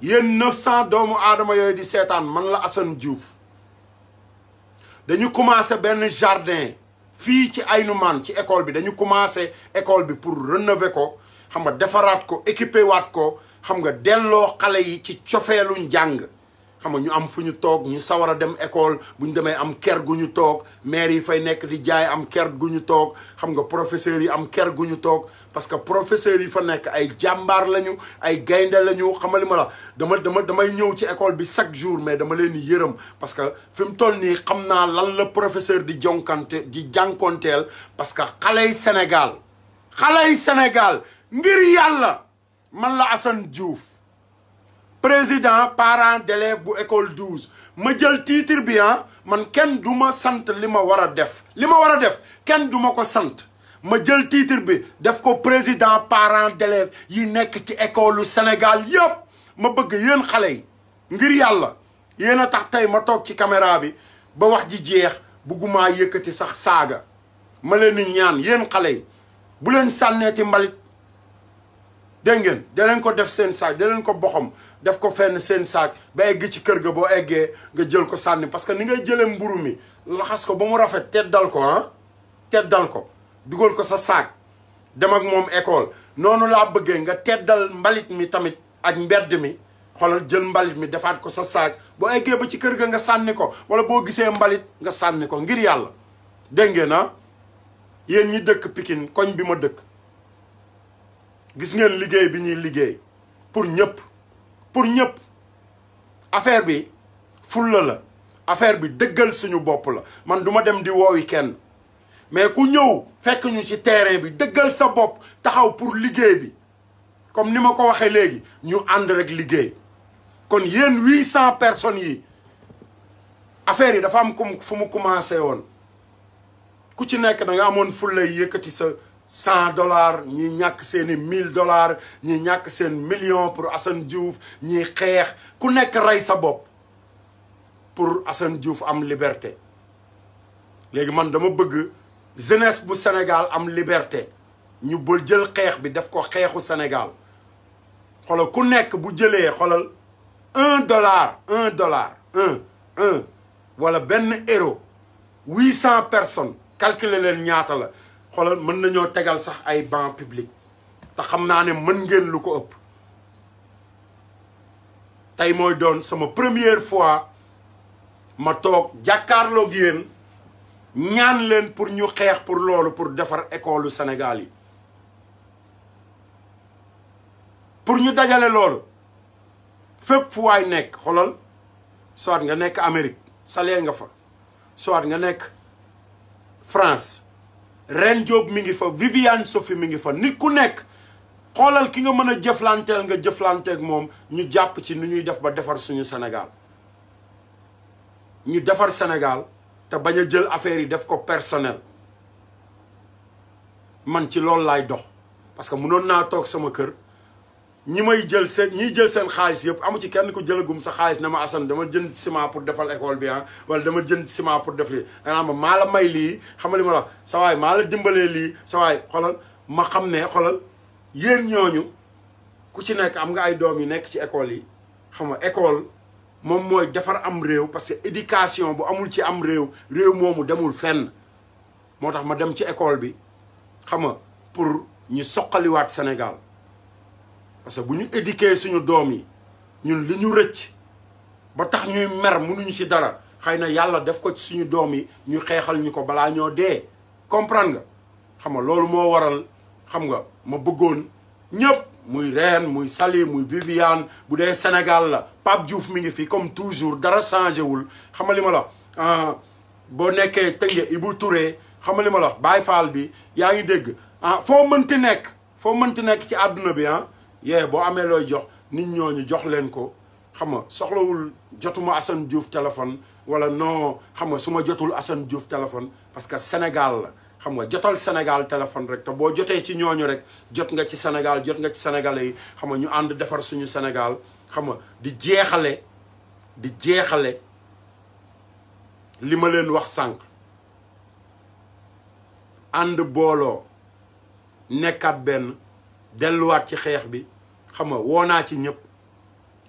yéen neuf cent doomu aadama yooyu di seetaan man la Assane Diouf dañu commencé benn jardin fii ci Aynoumane ci école bi dañu commencé école bi pour rénover ko xam nga defaraat ko équiper waat ko xam nga delloo xale yi ci cofeelu njàng. xam nga ñu am fu ñu toog ñu sawar a dem école bu ñu demee am ker gu ñu toog maire yi fay nekk di jaay am ker gu ñu toog xam nga professeurs yi am ker gu ñu toog parce que professeurs yi fa nekk ay jàmbaar lañu ay gaynde lañu xamali ma la dama dama damay ñëw ci école bi chaque jour mais dama leen di yërëm parce que fi mu toll nii xam naa lan la professeur di jonkante di jànkonteel parce que xaley Sénégal xaley Sénégal ngir yàlla man la Assane Diouf président parent d'élève bu école 12 ma jël titre bi ah, man kenn du ma sant li ma war a def li ma war a def kenn duma ko sant ma jël titre bi def ko président parent d'élèves yi nekk ci école Sénégal yëpp ma bëgg yéen xale yi ngir yàlla yéen a tax tey ma toog ci caméra bi ba wax ji jeex buggumaa yëkkati sax saaga ma leen di ñaan yéen xale yi bu leen sànneeti mbalit dégg ngeen ko def seen saak da ko boxam def ko fenn seen saak ba egg ci kër ga boo eggee nga jël ko sànni parce que ni ngay jëlee mburu mi laxas ko ba mu rafet teddal ko ah teddal ko dugal ko sa saak dem ak moom école noonu laa bëggee nga teddal mbalit mi tamit ak mbedd mi xoolal jël mbalit mi defaat ko sa saak boo eggee ba ci kër ga nga sànni ko wala boo gisee mbalit nga sànni ko ngir yàlla dégg na ah yéen ñi dëkk pikin koñ bi ma dëkk gis ngeen liggéey bi ñuy liggéey pour ñëpp pour ñëpp affaire bi fulla la affaire bi dëggal suñu bopp la man duma dem di woowi kenn mais ku ñëw fekk ñu ci terrain bi dëggal sa bopp taxaw pour liggéey bi comme ni ma ko waxee léegi ñu ànd rek liggéey kon yéen huit cent personnes yi affaire yi dafa am comme fu mu commencé woon ku ci nekk da nga amoon fullay yëkkati sa cent dollars ñi ñàkk seeni mille dollars ñi ñàkk seen million pour assan Diouf ñi xeex ku nekk rey sa bopp pour assan Diouf am liberté léegi man dama bëgg jeunesse bu Sénégal am liberté ñu bul jël xeex bi def ko xeexu Sénégal xoolal ku nekk bu jëlee xoolal un dollar un dollar un un wala benn euro huit cent personnes calculer leen ñaata la xoolal mën nañoo tegal sax ay banc public te xam naa ne mën ngeen lu ko ëpp tey mooy doon sama première fois ma toog jàkkaarloog yéen ñaan leen pour ñu xeex pour loolu pour defar école u yi pour ñu dajale loolu fépp fu waay nekk xoolal soit nga nekk Amérique salee nga fa soit nga nekk France Reine Diop mi ngi fa Viviane Sophie mi ngi fa nit ku nekk xoolal ki nga mën a jëflanteel nga jëflanteek moom ñu jàpp ci ni ñuy def ba defar suñu Sénégal ñu defar Sénégal te bañ a jël affaire yi def ko personnel man ci loolu laay dox parce que mënoon naa toog sama kër ñi may jël seen ñiy jël seen xaalis yëpp amu ci kenn ku jëlagum sa xaalis na ma Assane dama jën ciment pour defal école bi ah wala dama jënd ciment pour def lii ma maa la may lii xam nga li ma la sa maa la dimbalee lii sa waay xolal ma xam ne xolal yéen ñooñu ku ci nekk am nga ay doom yi nekk ci école yi xam nga école moom mooy defar am réew parce que éducation bu amul ci am réew réew moomu demul fenn moo tax ma dem ci école bi xam nga pour ñu soqaliwaat Sénégal parce bu ñu éduquer suñu doom yi ñun li ñu rëcc ba tax ñuy mer mënuñu ci dara xëy na yàlla def ko ci suñu doom yi ñu xeexal ñu ko balaa ñoo dee comprendre nga xam nga loolu moo waral xam nga ma bëggoon ñëpp muy reen muy sali muy Viviane bu dee Sénégal la Pape Diouf mi ngi fi comme toujours dara changé wul xam nga li ma la ah, boo nekkee Tënge Ibou Touré xam nga li ma la Baye bi yaa ngi dégg ah foo mënti nekk foo mënti nekk ci àdduna bi ah yee boo amee looy jox nit ñooñu jox leen ko xam nga soxlawul jotuma Assane Diouf téléphone wala noo xam nga su jotul Assane Diouf téléphone parce que Sénégal la xam nga jotal Sénégal téléphone rek te boo jotee ci ñooñu rek jot nga ci Sénégal jot nga ci sénégalais xam nga ñu ànd defar suñu Sénégal xam nga di jeexale di jeexale li ma leen wax sànq ànd booloo nekkaat benn delluwaat ci xeex bi xam nga woo naa ci ñëpp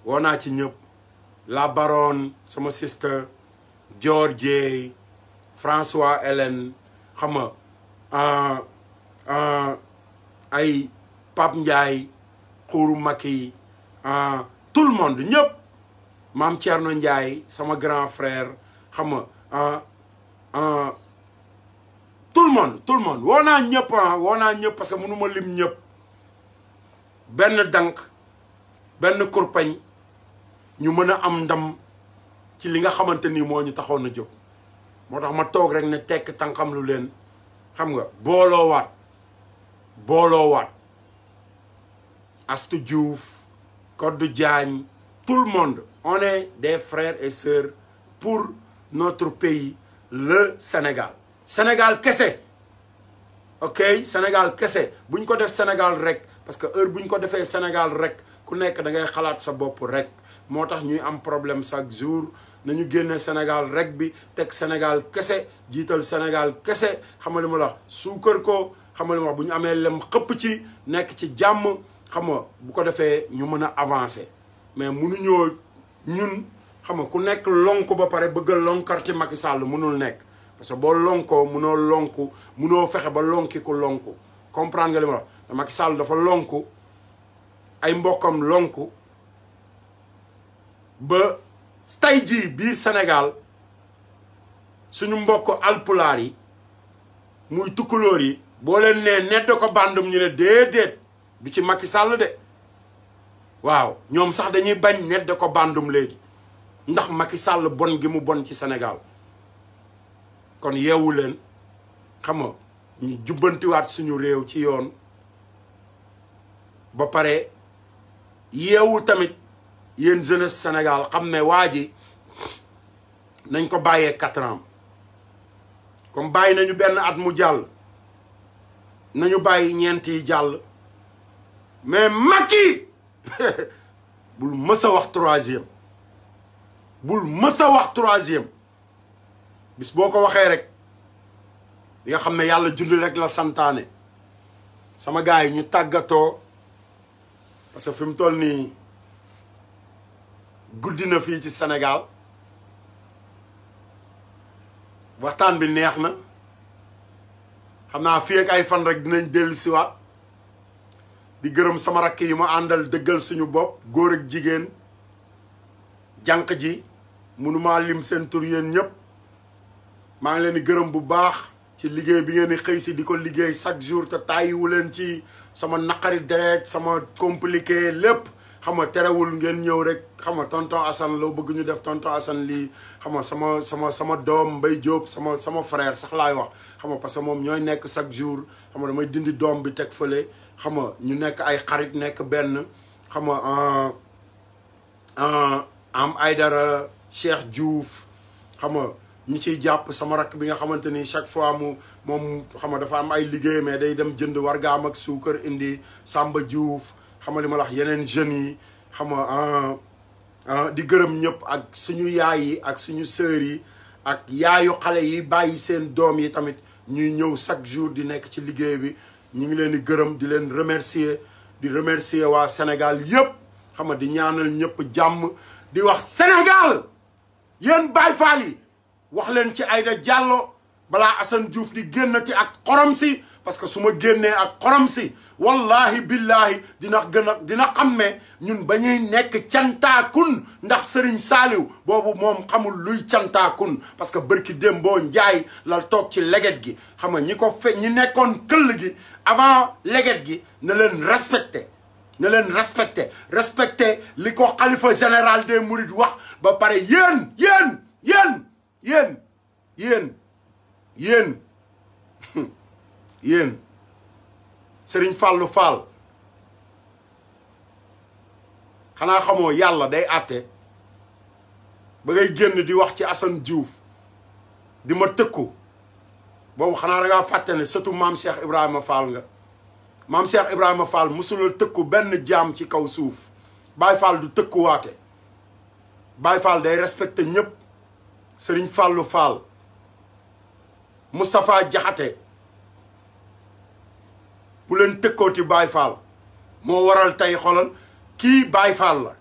woo naa ci ñëpp la baronne sama sister Georgie François Hélène xam nga Euh, euh, ay Pape Ndiaye xuuru Macky euh, tout le monde ñëpp maam Thierno Ndiaye sama grand frère xam nga tout le monde tout le monde woo naa ñëpp ah woo naa ñëpp parce que mënu ma lim ñëpp benn dànk benn kurpañ ñu mën a am ndam ci li nga xamante ni moo ñu taxoon na jóg moo tax ma toog rek ne tekk tànkam lu leen xam nga booloowaat booloowaat Astou Diouf Codou Diagne tout le monde on est des frères et sœurs pour notre pays le Sénégal Sénégal kese ok Sénégal kese buñ ko def Sénégal rek parce que heure bu ñu ko defee Sénégal rek ku nekk da ngay xalaat sa bopp rek moo tax ñuy am problème chaque jour na ñu génne Sénégal rek bi teg Sénégal kese jiital Sénégal kese xam nga li ma la suukar ko xam li ma wax bu ñu amee lem xëpp ci nekk ci jàmm xam nga bu ko defee ñu mën a avancé mais mu mënuñoo ñun xam nga ku nekk lonk ba pare bëgg a lonkar ci Macky Sall mënul nekk parce que boo lonkoo mënoo lonku mënoo fexe ba lonki ku lonku comprendre nga li ma wax Macky Sall dafa lonku ay mbokkam lonku ba tey jii biir Sénégal suñu mbokk alpulaar yi muy tukkulóor yi boo leen nee nedd ko bandum ñu ne déedéet du ci makki Sall de waaw ñoom sax dañuy bañ nedd ko bàndum léegi ndax makki sàll bon gi mu bon ci Sénégal kon yeewu leen xam nga ñu jubbantiwaat suñu réew ci yoon ba pare yeewu tamit yéen jeunesse Sénégal xam ne waa ji nañ ko bàyyee quatre ans comme bàyyi nañu benn at mu jàll nañu bàyyi ñeent yi jàll mais Macky <laughs> bul mës a wax troisième bul mësa a wax troisième bis boo ko waxee rek di nga xam ne yàlla julli rek la santaane sama gars yi ñu tàggatoo parce que fi mu toll nii guddi na fii ci Sénégal waxtaan bi neex na xam naa fii ay fan rek dinañ dellu siwaat di gërëm sama rakk yi ma àndal dëggal suñu bopp góor ak jigéen jànq ji mënumaa lim seen tur yéen ñëpp maa ngi leen di gërëm bu baax ci liggéey bi ngeen di xëy si di ko liggéey chaque jour te tàyyiwu leen ci sama naqari deret sama compliqué lépp xam nga terewul ngeen ñëw rek xam nga tonton Assane loo bëgg ñu def tonton Assane lii xam nga sama sama sama doom Mbaye Diop sama sama frère sax laay wax xam nga parce que moom ñooy nekk chaque jour xama damay dindi doom bi teg fële xam nga ñu nekk ay xarit nekk benn xam nga euh, euh, am Aydara Cheikh Diouf xam nga ñi ciy jàpp sama rakk bi nga xamante ni chaque fois mu moom xam nga dafa am ay liggéey mais day dem jënd war wargaam ak suukar indi sàmba Diouf xam nga li ma wax yeneen jeunes yi xam nga ah, ah, di gërëm ñëpp ak suñu yaay yi ak suñu sœurs yi ak yaayu xale yi bàyyi seen doom yi tamit ñuy ñëw chaque jour di nekk ci liggéey bi ñu ngi leen di gërëm di leen remercier di remercier waa Sénégal yëpp xam nga di ñaanal ñëpp jàmm di wax Sénégal yéen bay Fall wax leen ci Aïda Diallo balaa Assane Diouf di génnati ak xorom si parce que su ma génnee ak xorom si wallahi billahi dina gën a dina xam ne ñun ba ñuy nekk cantaakun ndax Serigne Saliou boobu moom xamul luy cantaakun parce que bërki dém boo njaay la toog ci leget gi xam nga ñi ko fe ñi nekkoon këll gi avant leget gi na leen respecté na leen respecté respecté li ko xalifa général des mourides wax ba pare yéen yéen yéen yéen yéen yéen <laughs> Serigne Fallou Fall xanaa xamoo yàlla day àtte ba ngay génn di wax ci Assane Diouf di ma tëkku boobu xanaa da ngaa fàtte ne surtout maam Cheikh Ibrahima Fall nga maam Cheikh Ibrahima Fall musulal tëkku benn jaam ci kaw suuf Baye Fall du tëkkuwaate Baye Fall day respecté ñëpp Serigne Fallou Fall Moustapha Diakhaté bu leen tëkkooti Baay Faal moo waral tey xolal kii Baay Faal la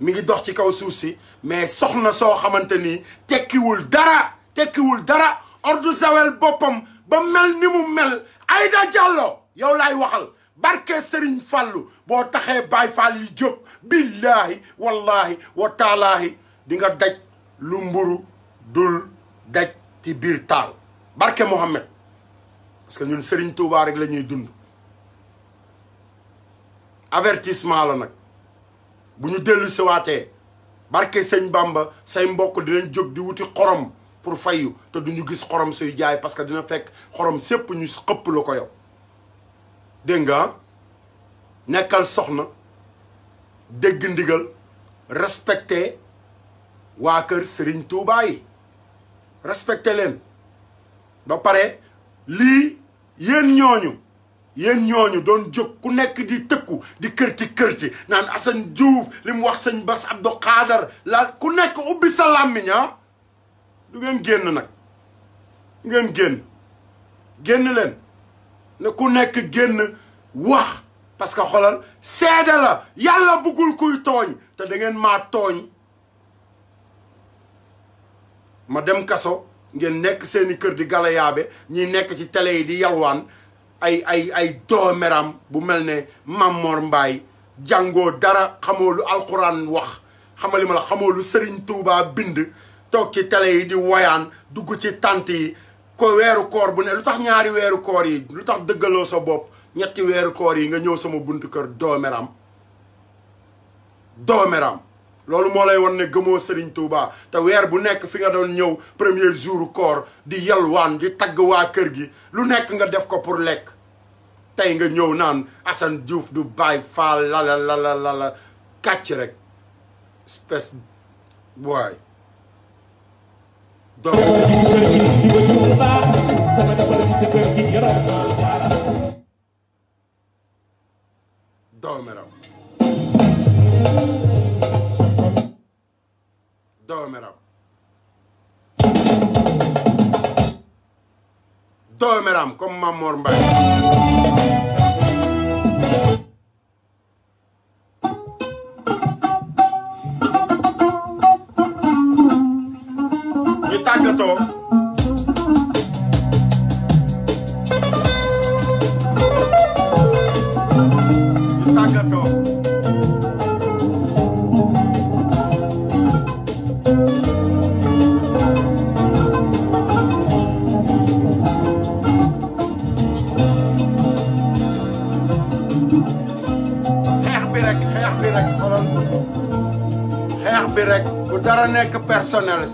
mi ngi dox ci kaw suuf si mais soxna soo xamante ni tekkiwul dara tekkiwul dara Ordu Zawel boppam ba mel ni mu mel Aïda Diallo yow laay waxal barke sëriñ Fallou boo taxee Baay Faal yi jóg billaahi wallaahi wa taalaahi di daj lu mburu dul daj ci biir taal barke Mohammed parce que ñun Serigne Touba rek la ñuy dund avertissement la nag bu ñu dellu siwaatee barke sëñ Bamba say mbokk dinañ jóg di wuti xorom pour fayu te duñu gis xorom suy jaay parce que dina fekk xorom sépp ñu xëpp la ko yow dégg nga nekkal soxna dégg ndigal respecté waa kër Serigne Touba yi respecté leen ba pare lii yéen ñooñu yéen ñooñu doon jog ku nekk di tëkku di kërti kërti naan Assane Diouf li mu wax sëñ Bass Abdou Khadar la ku nekk ubbi sa làmmiñ ah. du ngeen génn nag du ngeen génn génn leen ne ku nekk génn wax parce que xoolal seede la yàlla bëggul kuy tooñ te da ngeen maa tooñ ma dem kaso ngeen nekk seeni kër di galayaabe ñi nekk ci tele yi di yalwaan ay ay ay doomeram bu mel ne Mamor Mbaay jàngoo dara xamoo lu alxuraan wax xamali ma la xamoo lu Sëriñ tuuba bind toog ci tele yi di woyaan dugg ci tànt yi ko weeru koor bu ne lu tax ñaari weeru koor yi lu tax dëggaloo sa bopp ñetti weeru koor yi nga ñëw sama buntu kër doomeram doomeram loolu moo lay wan ne gëmoo Serigne Touba te weer bu nekk fi nga doon ñëw premier jour koor di yalwaan di tagg waa kër gi lu nekk nga def ko pour lekk tey nga ñëw naan asan Diouf du Baye faa lala lala kàcc rek espèce waay donc doomeram doomeram comme Mamor Mbaye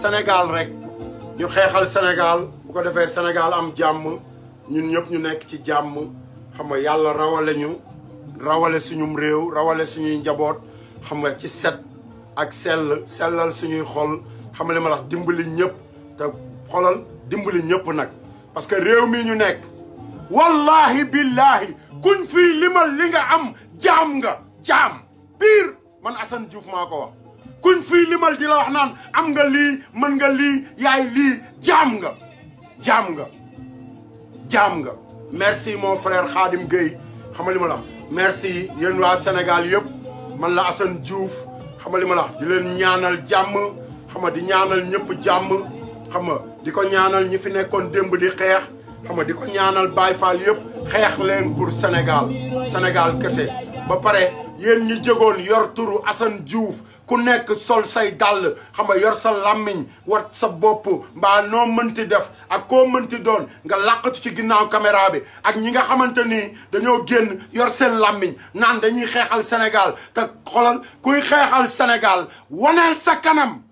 Sénégal rek ñu xeexal Sénégal bu ko defee Sénégal am jàmm ñun ñëpp ñu nekk ci jàmm xam nga yàlla rawale ñu rawale suñum réew rawale suñuy njaboot xam nga ci set ak sell sellal suñuy xol xam li ma wax dimbali ñëpp te xolal dimbali ñëpp nag parce que réew mi ñu nekk wallahi billahi kuñ fii limal li nga am jaam nga jaam pire man Assane Diouf maa ko wax kuñ fii limal di la wax naan am nga li mën nga lii yaay lii jaam nga jaam nga jaam nga merci mon frère Khadim Gueye xama ma la am merci yéen waa Sénégal yëpp man la Assane Diouf xama li ma la am di leen ñaanal jàmm xama di ñaanal ñëpp jàmm xama di ko ñaanal ñi fi nekkoon démb di xeex xama di ko ñaanal Baye Fall yëpp xeex leen pour Sénégal Sénégal kese ba pare yéen ñi jógoon yor turu Assane ku nekk sol say dàll xam nga yor sa làmmiñ war sa bopp ba noo mënti def ak koo mënti doon nga làqatu ci ginnaaw caméra bi ak ñi nga xamante ni dañoo génn yor seen làmmiñ naan dañuy xeexal senegal te xoolal kuy xeexal Sénégal waneel sa kanam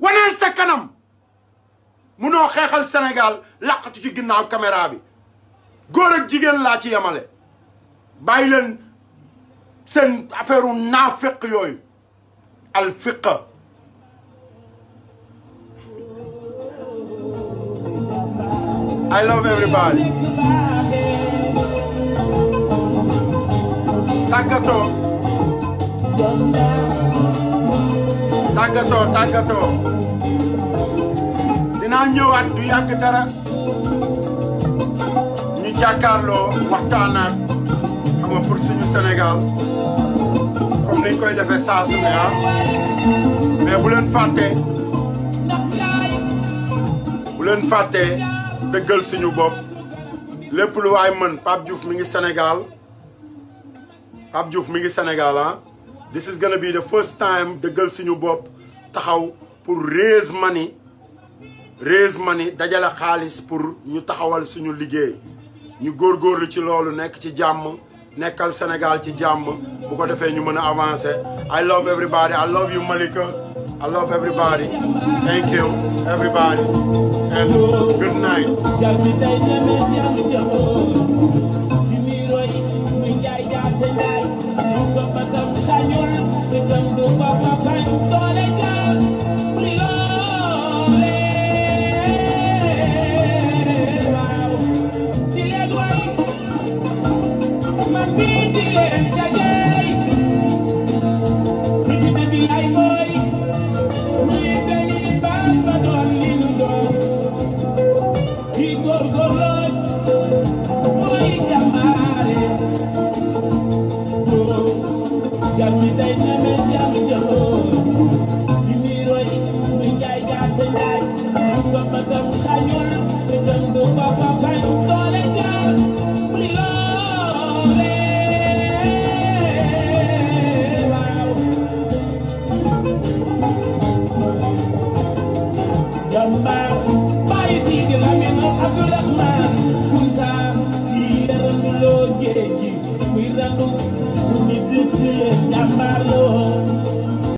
waneel sa kanam munoo xeexal Sénégal làqatu ci ginnaaw caméra bi góor ak jigéen laa ci yemale bàyyi leen seen affaire u naafeq yooyu alfiqa I love everybody tàggatoo tàggatoo tàggatoo du yàgg dara ñu jàkkaarloo waxtaanaat xam nga pour suñu Sénégal nañ koy defee saa su ne ah mais bu leen fàttee bu leen fàttee dëggal suñu bopp lépp lu waay mën Pape Diouf mi ngi Sénégal Pape juuf mi ngi Sénégal ah this is gonna be the first time dëggal suñu bopp taxaw pour raise money raise money dajale xaalis pour ñu taxawal suñu liggéey ñu góor góorlu ci loolu nekk ci jàmm nekkal Sénégal ci jàmm bu ko defee ñu mën a avancer I love everybody I love you Malika I love everybody thank you everybody and good night. Thank you.